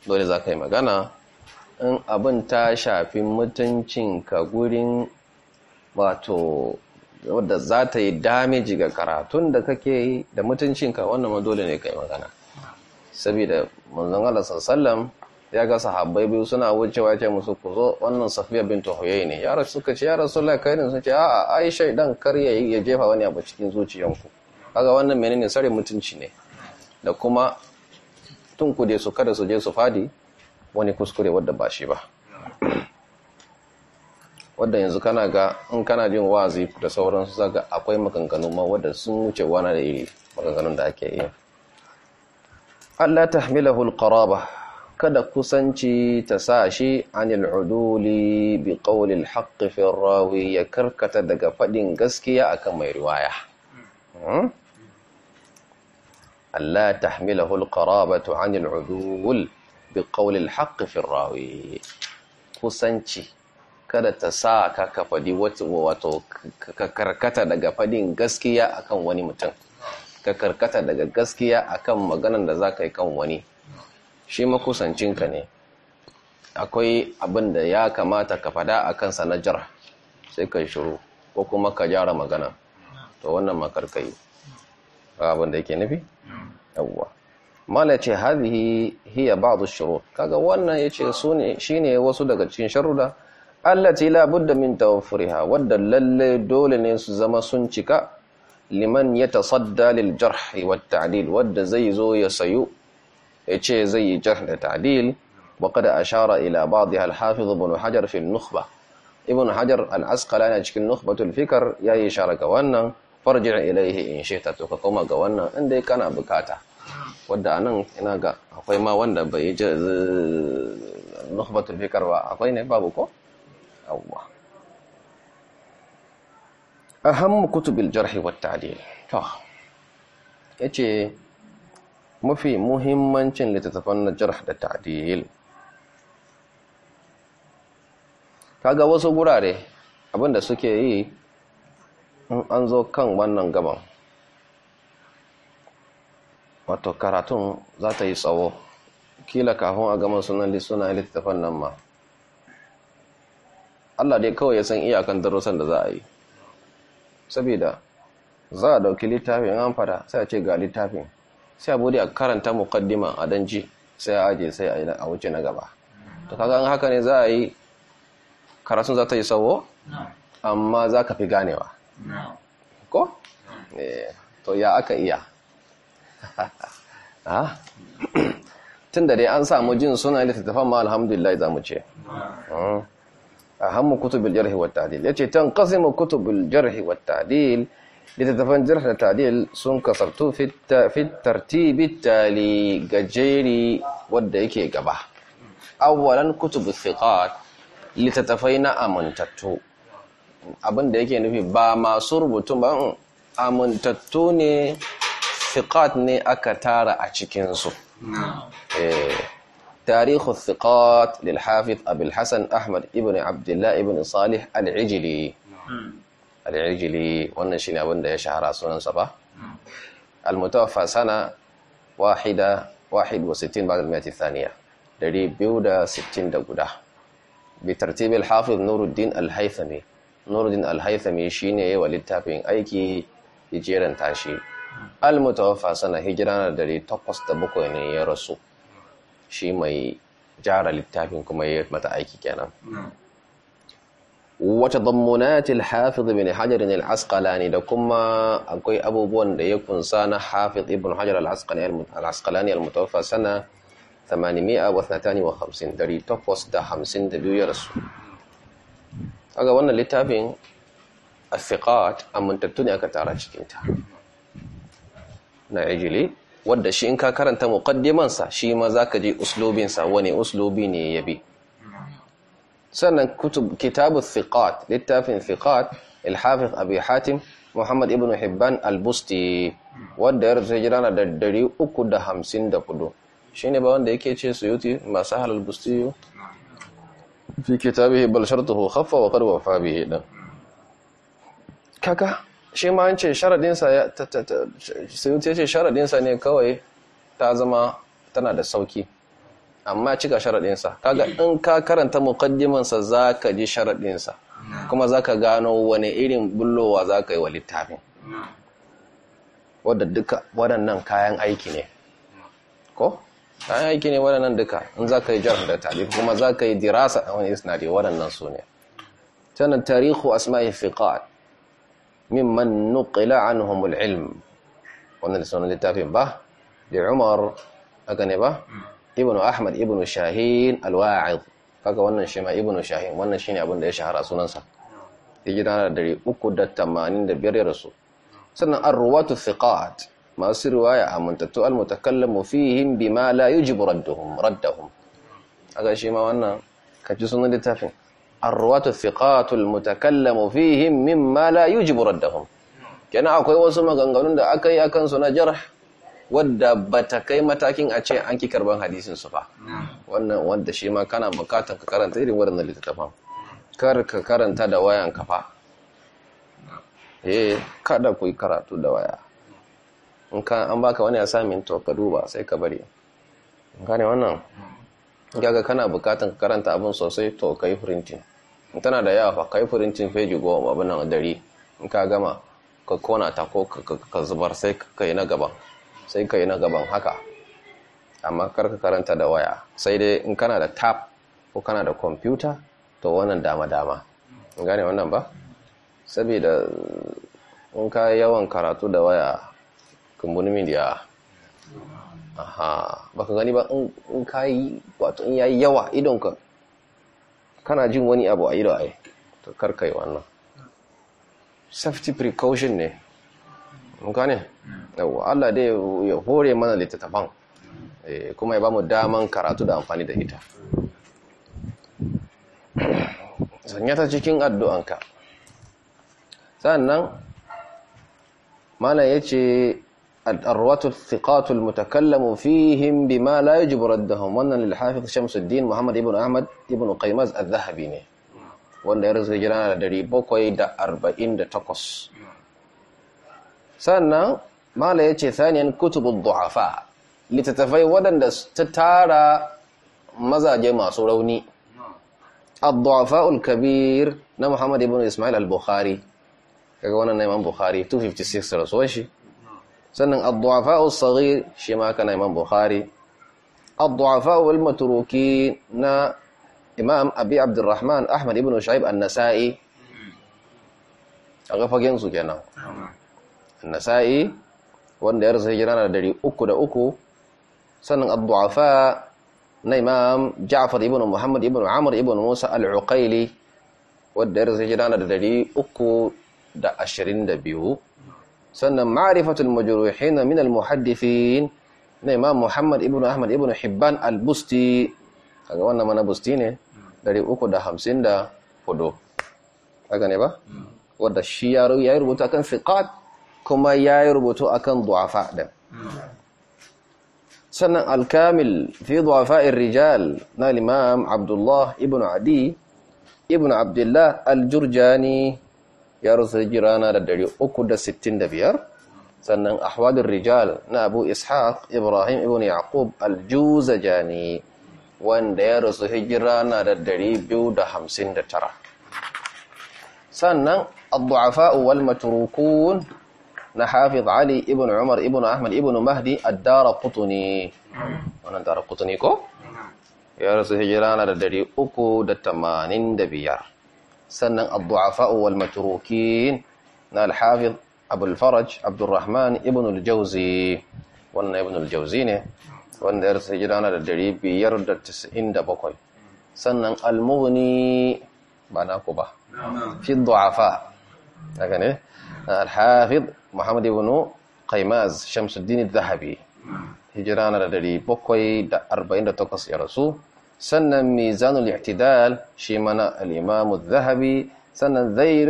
dole za ka yi magana in abin ta shafi mutuncinka gurin wato wadda za ta yi damiji ga karatun da kake yi da mutuncinka wannan ma dole ne ka yi magana saboda manzon Allah sallam ya ga sahabbai biyu suna wucewa ce musu ku zo wannan safiya bintu huyai ne ya rasu suka ce ya rasulullahi kai ne sun ce a'a ai shaidan kar ya ya jefa wani abu cikin zuciyanku kaga wannan menene sare mutunci ne da kuma dai su kada su je su fadi wani kuskure wadda ba shi ba wadda yanzu kana ga in kana jin wazi da sauransu zaga akwai maganganu ma wadda sun wuce wana da iri maganganun da ake yi Allah tahmilahu alqaraba kada kusanci ta sa shi anil uduli bi ƙaunin alhaq rawi ya karkata daga faɗin gaskiya akan mai riwaya hmm? لا تحمله القرابة عن العدول بقول الحق في الراوي kusanci kada ta sa ka ka fadi wato ka karkata daga fadin gaskiya akan wani mutum ka karkata daga gaskiya akan maganan da za ka yi kan wani shi makusancinka ne akwai abin da ya kamata ka fada a kansa na sai ka shuru shiru ko kuma ka gyara magana to wannan makarkai abin da yake nufi yawwa mala ce hadhihi hiya ba'd ash-shurut kaga wannan yace sune shine wasu daga cikin sharuda allati la budda min tawaffuriha wadda lalle dole ne su zama sun cika liman yatasadda lil jarh wa ta'dil wadda zai zo ya sayu yace zai yi jarh da ta'dil wa qad ashara ila ba'dha al-hafiz ibn hajar fi an-nukhbah ibn hajar al-asqalani cikin nukhbatul fikr yayi ishara ga wannan farji ilaihi in shita to ka koma ga wannan in dai kana bukata wadda anan ina ga akwai ma wanda bai ji nukhbatul fikr ba akwai ne babu ko yawwa aham kutubil jarh wa ta'dil to yace mafi muhimmancin littattafan na jarh da ta'dil kaga wasu gurare abinda suke yi in an zo kan wannan gaban wato karatun za ta yi tsawo kila kafin a gama sunan suna littafan nan ma Allah dai kawai ya san iyakan darussan da za a yi saboda za a dauki littafin an fara sai a ce ga littafin sai a bude a karanta mukaddima a danji sai a aje sai a wuce na gaba to kaga haka ne za a yi karatun za ta yi tsawo amma za ka fi ganewa ko? e to ya aka iya ah. tun da dai an samu jin suna littattafan ma alhamdulillah za mu ce a hmm. hammu kutubin jarhi wa tadil ya ce tan kasimu kutubin jarhi wa tadil littattafan jarhi da tadil sun kasartu fitar tibitali gajeri wadda yake gaba Awalan kutubin fiqat littattafai na amintattu abin da yake nufi ba masu rubutun ba mm, amintattu ne ne aka tara a cikinsu eh, tarihu fiqat lilhafif abilhassan ahmad ibn abdullahi ibn salih al'ijili hmm. al'ijili wannan shi ne abin da ya shahara sunansa ba hmm. almutawafa sana wahida wahid wa sittin ba da da sittin da guda bitartibin hafif nuruddin alhaifami nuruddin alhaithami shi ne yi wa littafin aiki hijiran tashi almutawaffa sana hijira na dare takwas da bakwai ne ya rasu shi mai jara littafin kuma ya mata aiki kenan wata dammunatil hafiz bin hajar al-asqalani da kuma akwai abubuwan da ya kunsa na hafiz ibn hajar al-asqalani al-mutawaffa sana 852 852 ya rasu kaga wannan littafin asiqat amuntattu ne aka tara cikin ta na ajili wanda shi in ka karanta muqaddiman sa shi ma zaka je uslubin sa wani uslubi ne yabi sannan kutub kitabu thiqat littafin thiqat al-hafiz abi hatim muhammad ibn hibban al-busti wanda ya rubuta jirana da 354 shine ba wanda yake ce suyuti masu halal busti fi kitabihi bal shartuhu khaffa wa qad wafa bihi dan kaka shi ma an ce sharadin sa sai ce sharadin sa ne kawai ta zama tana da sauki amma cika sharadin sa kaga in ka karanta muqaddiman sa zaka ji sharadin sa kuma zaka gano wani irin bullowa zaka yi wa littafin wadda duka waɗannan kayan aiki ne ko an aiki ne waɗannan duka in za ka yi jar da tarif kuma za ka yi dirasa a wani isnadi waɗannan su ne tana tarihu asma'i fiqat min nuqila anhum al-ilm wannan da sunan littafin ba da Umar aka ne ba ibnu Ahmad ibnu Shahin al-Wa'id kaga wannan shi ma ibnu Shahin wannan shine abin da ya shahara sunansa ya gidana da 385 ya rasu sannan ar-ruwatu thiqat masu riwaya amintattu almutakallamu bi ma la yujibu radduhum A aga shi ma wannan kaji sunan littafin mu thiqatul mutakallamu min ma la yujibu raddahun kena akwai wasu maganganun da aka yi a kansu na jar? wadda ba ta kai matakin a ce an ki karban hadisin su fa wannan wanda shi ma kana bukatan ka karanta irin waɗannan littattafan kar ka karanta da wayan kafa eh kada ku yi karatu da waya in ka an baka wani assignment to ka duba sai ka bari gane wannan gaga kana bukatan ka karanta abin sosai to yi printing in tana da yawa fa yi printing page goma abin nan dari in ka gama ka kona ta ko ka zubar sai ka yi na gaban sai ka yi na gaban haka amma kar ka karanta da waya sai dai in kana da tab ko kana da computer to wannan dama dama gane wannan ba saboda in ka yawan karatu da waya kumburin media aha baka gani ba in ka yi wato in yayi yawa idonka kana jin wani abu a ido ai to kai wannan eh. safety precaution ne gane yawa Allah dai ya hore mana littattafan eh, kuma ya bamu daman karatu da amfani da ita sanya ta cikin ka. sannan malam yace الرواة الثقات المتكلم فيهم بما لا يجب ردهم wannan lilhafiz Shamsuddin Muhammad ibn Ahmad ibn Qaymaz az-Zahabi ne wanda ya rizga jira da 748 sannan mala yace saniyan kutubud du'afa littattafai wadanda ta tara mazaje masu rauni ad-du'afa al-kabir na Muhammad ibn Ismail al-Bukhari kaga wannan na Imam Bukhari 256 rasuwan shi sannan ad-du'afa as-saghir shi ma kana imam bukhari ad-du'afa wal matruki na imam abi abdurrahman ahmad ibn shu'aib an-nasa'i aga fagen su kenan an-nasa'i wanda ya rasa hijira na da 303 sannan ad-du'afa na imam ja'far ibn muhammad ibn amr ibn musa al-uqayli wanda ya rasa hijira na da da uku ashirin biyu. sannan ma'rifatul majruhin min al-muhaddithin na Imam Muhammad ibn Ahmad ibn Hibban al-Busti kaga wannan mana Busti ne Dari 354 kaga ne ba wanda shi ya rubuta kan fiqat kuma ya rubuta akan du'afa din sannan al-Kamil fi du'afa ar-rijal na Imam Abdullah ibn Adi ibn Abdullah al-Jurjani ya rasu hijira na da 365 sannan ahwadur rijal na abu ishaq ibrahim ibn yaqub al-juzajani wanda ya rasu hijira na da 259 sannan ad-du'afa wal matrukun na hafiz ali ibn umar ibn ahmad ibn mahdi ad-darqutni wannan darqutni ko ya rasu hijira na da 385 sannan abdu'afa'u wal maturukin na al-hafiz abul faraj abdurrahman ibn al-jawzi wannan ibn al-jawzi ne wanda ya rasa gidana da 597 sannan al-mughni ba na ku ba fi du'afa daga ne al-hafiz muhammad ibn qaimaz shamsuddin al-dhahabi hijirana da arba'in da 748 ya rasu سن ميزان الاعتدال شيمنا الإمام الذهبي سن ذيل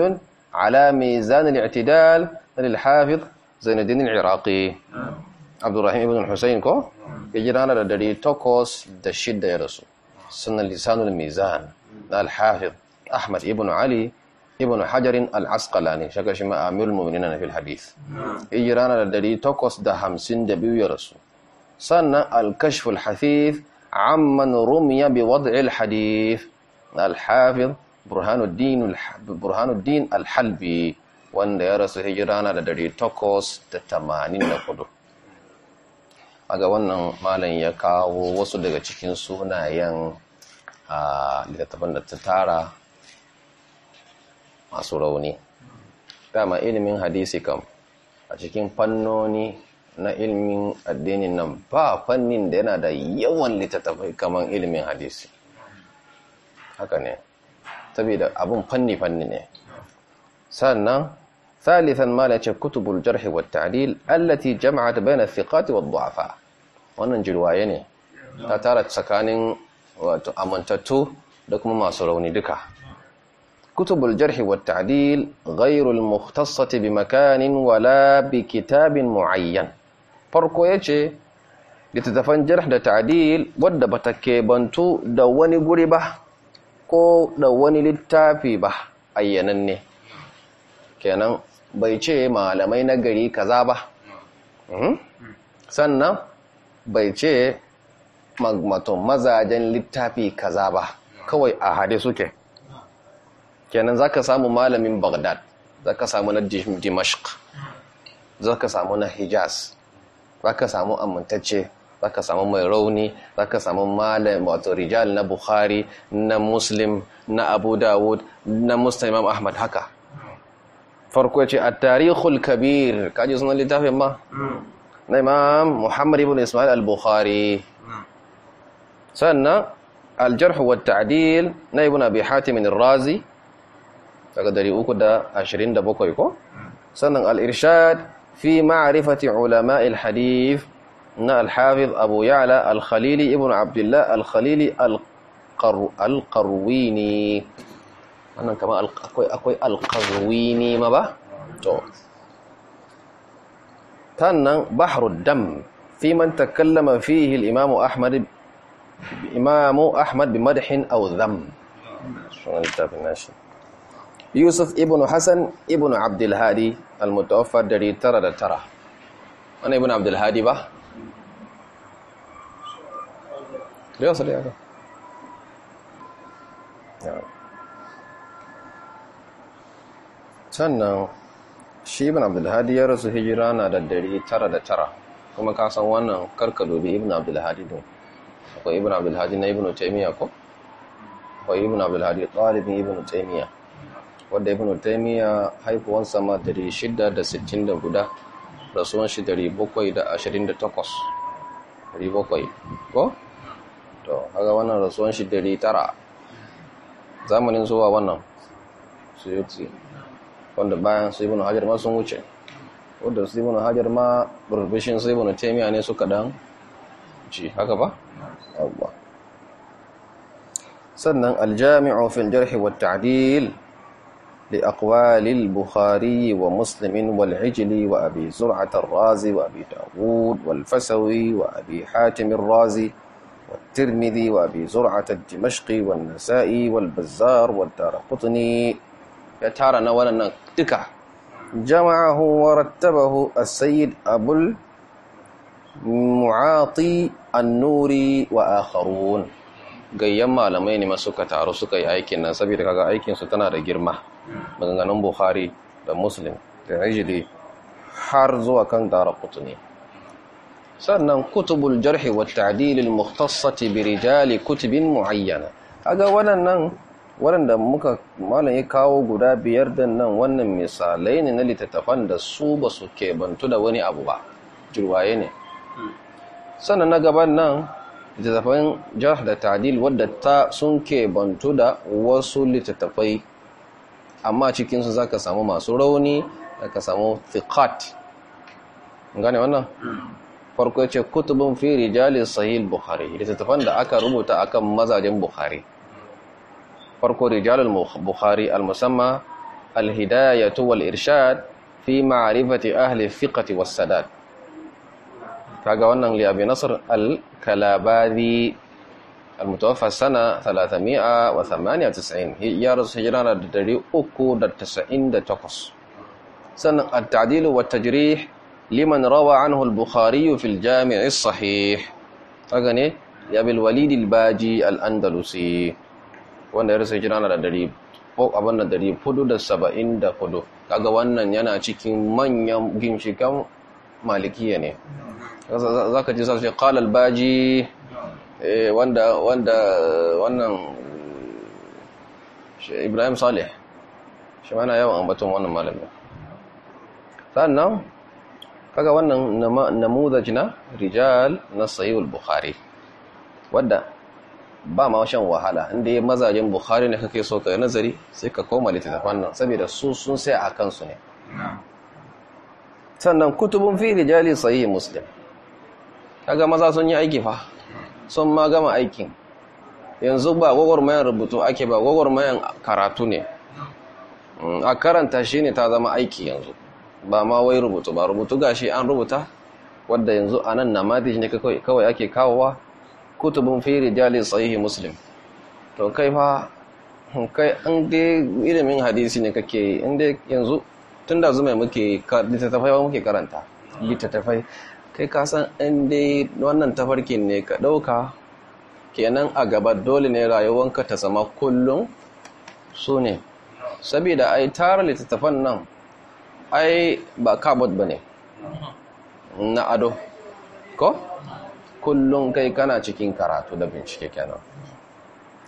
على ميزان الاعتدال للحافظ زين الدين العراقي عبد الرحيم بن الحسين كو يجرانا لدري توكوس دشد يرسو سن لسان الميزان الحافظ أحمد ابن علي ابن حجر العسقلاني شكا شما أمير المؤمنين في الحديث يجرانا لدري توكوس دهم سن دبيو يرسو سن الكشف الحثيث Aman, رمي bi Hadith, الحافظ برهان الدين برهان wanda ya rasu hijirana da dari takwas da tamanin da kudu a ga wannan malam ya kawo wasu daga cikin sunayen a littattafan da ta tara masu rauni dama ilimin hadisi kam a cikin fannoni na ilmin addinin nan ba fannin da yana da yawan littattafai kamar ilmin hadisi haka ne saboda abin fanni-fanni ne sannan ثالثا ما لا كتب الجرح allati التي جمعت بين الثقات والضعفاء wannan jirwaye ne ta tara tsakanin wato amintattu da kuma masu rauni duka kutubul jarhi wat ta'dil ghayr mukhtassati bi makanin wala bi kitabin muayyan farko ya ce littattafan jihar da ta'adil wadda ba ta kebantu da wani guri ba ko da wani littafi ba ne. kenan bai ce malamai na gari kaza ba hmm? sannan bai ce magmaton mazajen littafi kaza ba kawai a hade suke kenan za ka samu malamin Baghdad ka samu na Dimashq ka samu na Hijaz zaka samu amintacce zaka ka samu mai rauni za samu malam wato rijal na bukhari na muslim na abu dawud na musulman ahmad haka farko ce a tarihul kabir kaji sunan littafin ma mm. na imam muhammad ibn ismail al-bukhari mm. sannan aljarh wa ta'dil na ibn abi hatim ar-razi daga 327 ko mm. sannan al-irshad في معرفة علماء الحديث أن الحافظ أبو يعلى الخليلي ابن عبد الله الخليلي القر القرويني أنا كما أكوي أكوي القرويني ما با تنن بحر الدم في من تكلم فيه الإمام أحمد إمام أحمد بمدح أو ذم يوسف ابن حسن ابن عبد الهادي al-mutawaffa 909 wannan ibn abdul hadi ba da yawa saliya sannan shi ibn abdul hadi ya rasu hijira na da 909 kuma ka san wannan karka dubi ibn abdul hadi din akwai ibn abdul hadi na ibn taymiya ko akwai ibn abdul hadi talibin ibn taymiya wanda ibn taymiya haifuwan sama 660 rasuwan shi 728 700 ko to haga wannan rasuwan shi 900 zamanin zuwa wannan su suyuti wanda bayan su ibn hajar ma sun wuce wadda su yi ibn hajjar ma burbushin su yi ibn taymiya ne suka dan ci haka ba yawwa sannan aljami'u fil jarh wa ta'dil لأقوال البخاري ومسلم والعجلي وأبي زرعة الرازي وأبي داود والفسوي وأبي حاتم الرازي والترمذي وأبي زرعة الدمشقي والنسائي والبزار والدار قطني يتارى نولا تكع جمعه ورتبه السيد أبو المعاطي النوري وآخرون gayyan malamai ne masu ka taru suka yi aikin nan saboda kaga aikinsu tana da girma maganganun bukhari da muslim da rijili har zuwa kan dara kutune sannan kutubul jarhi wa ta'dilil mukhtassati bi rijali kutubin muayyana kaga wannan waɗanda muka malam ya kawo guda biyar da nan wannan misalai ne na littattafan da su ba su bantu da wani abu ba jirwaye ne sannan na gaban nan littattafan jarh da ta'dil wadda ta ke bantu da wasu litattafai. amma cikinsu za ka samu masu rauni da ka samu thiqat gane wannan farko ce kutubin fi rijali sahih bukhari littattafan da aka rubuta akan mazajen bukhari farko rijalul bukhari al-musamma al-hidayatu wal irshad fi ma'rifati ahli fiqati was sadad kaga wannan li abi nasr al-kalabadi المتوفى سنة 398 ya rasu hijira na 398 sannan at-ta'dil wa at-tajrih liman rawa anhu al-bukhari fi al-jami' as-sahih kaga ne ya bil walid al-baji al-andalusi wanda da hudu, kaga wannan yana cikin manyan ginshikan malikiya ne zaka ji sai qala al-baji Eh, wanda wanda wannan Ibrahim Saleh shi mana yawan ambaton wannan malamin sannan kaga wannan namuzaji na rijal na sahihul bukhari wanda ba ma shan wahala inda ya mazajen bukhari ne kake so ka yi nazari sai ka koma littattafan nan saboda su sun sai a kansu ne sannan kutubun fi rijali sahih muslim kaga maza sun yi aiki fa sun ma gama aikin yanzu ba gwagwarmayan rubutu ake ba gwagwarmayan karatu ne mm, a karanta shi ne ta zama aiki yanzu ba ma wai rubutu ba rubutu gashi an rubuta wadda yanzu a nan namadij ne kawai ake kawowa kutubun firi, jali, sahihi muslim to kai fa kai an dai ilimin hadisi ne kake yi yanzu tun da zuma muke littattafai muke karanta littattafai kai ka san in dai wannan tafarkin ne ka ɗauka kenan a gaba dole ne rayuwanka ta zama kullum su ne saboda ai tara littattafan nan ai ba kabot ba ne na ado ko kullum kai kana cikin karatu da bincike kenan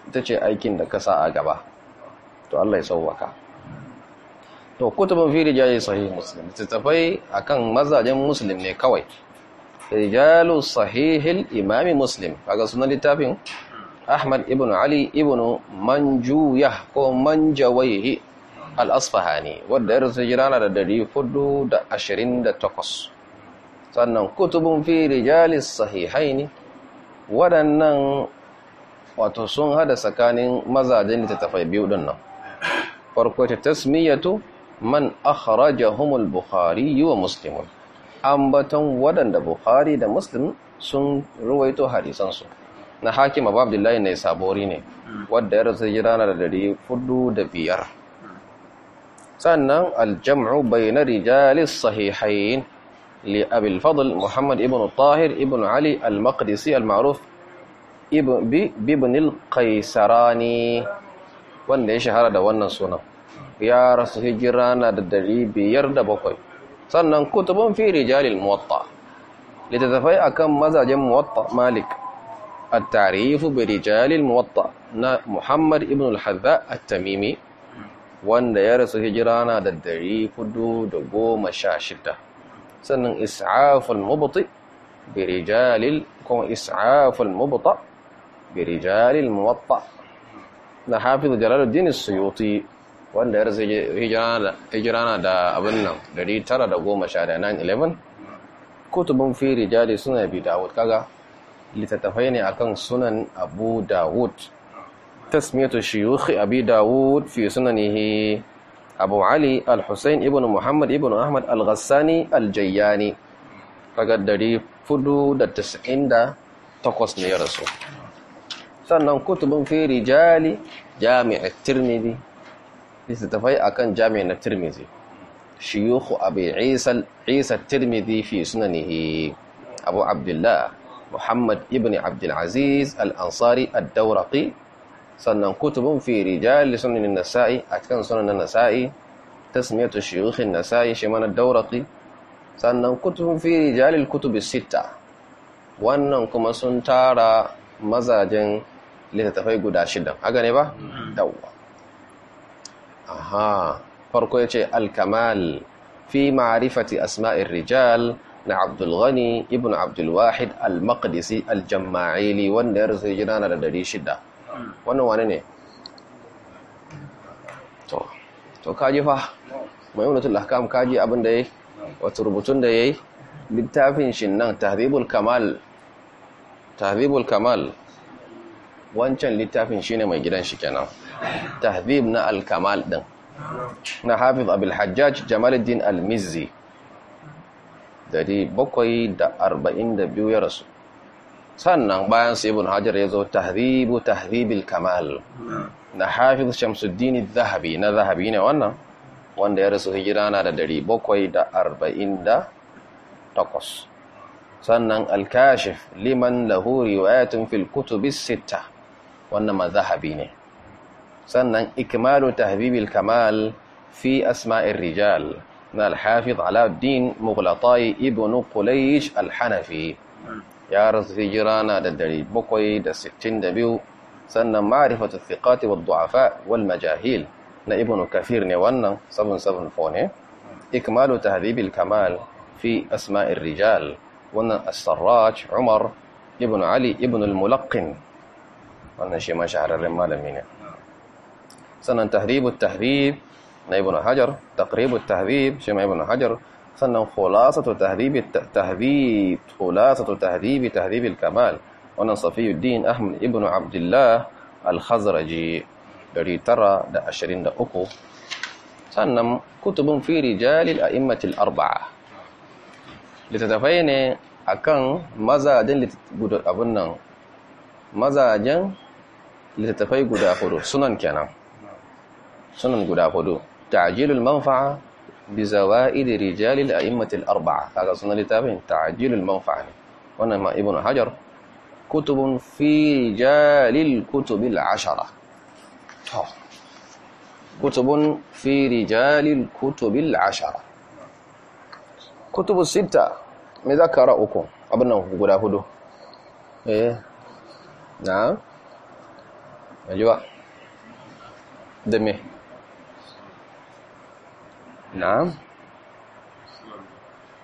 ita ce aikin da ka sa a gaba to Allah ya sauwaka to kutubun fi rijayi sahih musulmi. littattafai akan mazajen musulmi ne kawai rijalu sahihil imami muslim kaga sunan littafin ahmad ibn ali ibn manjuyah ko manjawaihi al-asfahani wadda ya rasu jirana da 428 sannan kutubun fi rijali sahihaini waɗannan wato sun hada tsakanin mazajen littattafai biyu ɗin nan farko ta tasmiyatu man akhrajahum al-bukhari wa muslimun ambaton waɗanda Bukhari da Muslim sun ruwaito hadisansu na hakim abu abdullahi ne sabori ne hmm. wadda ya rasu jirana da dari hudu da biyar sannan aljam'u bai na rijalis sahihain li abil muhammad ibn tahir ibn ali al-maqdisi al-ma'ruf ibn al-qaisarani wanda ya shahara da wannan sunan ya rasu hijira na da dari biyar da bakwai sannan kutubun fi rijalil muwatta litatafai akan mazajen muwatta malik at-tarifu bi rijalil muwatta na muhammad ibn al-hadha at-tamimi wanda ya rasu hijira na da 416 sannan is'aful mubti bi rijalil kuma is'aful mubta bi rijalil muwatta na hafiz jalaluddin as-suyuti wanda ya rasu hijirana da abin nan 911 kutubun fi rijali suna bi dawud kaga littattafai ne akan sunan abu dawud tasmiyatu shiyukhi abi dawud fi sunanihi abu ali al-husayn ibn muhammad ibn ahmad al-ghassani al-jayyani kaga 498 ne ya rasu sannan kutubun fi rijali jami'at tirmidhi littattafai akan jami na tirmizi shiyuhu abu isa tirmizi fi sunanihi abu abdullah muhammad ibn abdulaziz al'ansari addauraki sannan kutubun fi rijali sunanin nasa'i a cikin sunanin nasa'i tasmiyatu shiyuhin nasa'i shi mana dauraki sannan kutubun fi rijalil kutubi sita wannan kuma sun tara mazajen littattafai guda shidan haka ne ba? dawa. Mm. aha farko ya ce alkamal fi ma'arifati asma'ir rijal na abdulghani ibn abdulwahid al-maqdisi al-jamma'ili wanda ya rasu jina na da dari shida wannan wani ne to to kaji fa maimunatul ahkam kaji abin da yi wata rubutun da ya yi littafin shi nan tahribul kamal tahribul kamal wancan littafin shi ne mai gidan shi kenan tahbib na al-kamal din na hafiz abul hajjaj jamaluddin al-mizzi dari bakwai da arba'in da biyu ya rasu sannan bayan sai ibn hajar ya zo tahribu tahribil kamal na hafiz shamsuddin zahabi na zahabi ne wannan wanda ya rasu hijira da dari bakwai da arba'in da takwas sannan alkashif liman lahu riwayatun fil kutubis Sita, wannan ma zahabi ne سنن إكمال تهذيب الكمال في أسماء الرجال من الحافظ على الدين مغلطاي ابن قليش الحنفي يا رزي جيرانا دالدري بوكوي دا ستين دبيو سنن معرفة الثقات والضعفاء والمجاهيل نا ابن كثير نيوانا سبن سبن فوني إكمال تهذيب الكمال في أسماء الرجال ون السراج عمر ابن علي ابن الملقن ونشي ما شعر الرمال منه سنن تهذيب التهذيب ابن حجر تقريب التهذيب شيخ ابن حجر سنن خلاصة تهذيب التهذيب خلاصة تهذيب تهذيب الكمال ونن صفي الدين أحمد ابن عبد الله الخزرجي الذي ترى دا أشرين دا كتب في رجال الأئمة الأربعة لتتفين أكن مزاد لتتفين مزاجا لتتفين قد أخذ سنن كنا sunan guda hudu ta'jilul manfa'a bi zawaid rijalil a'immatil arba'a kaga sunan littafin ta'jilul manfa'a wannan ma ibnu hajar kutubun fi rijalil kutubil ashara to kutubun fi rijalil kutubil ashara kutubu sita me zakara uku abin guda hudu eh na najwa da me na'am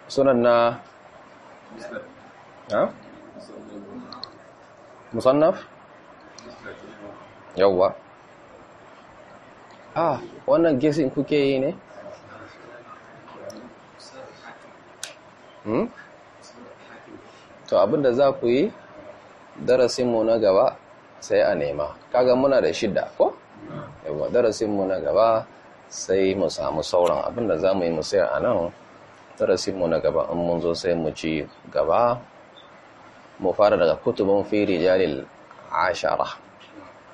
sunan na na'am musannaf yawwa ah wannan gesin kuke yi ne hmm? to abinda za ku yi darasinmu na gaba sai a nema kaga muna da shidda ko? darasin darasinmu na gaba sai mu samu sauran abin da za mu yi musai a nan mu na gaba in mun zo sai mu ci gaba mu fara daga kutubun fi rijalil ashara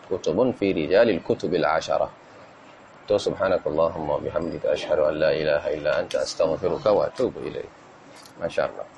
kutubun fi rijalil kutubil ashara to subhanakallahumma bihamdika ashhadu an la ilaha illa anta astaghfiruka wa atubu ilayk masha Allah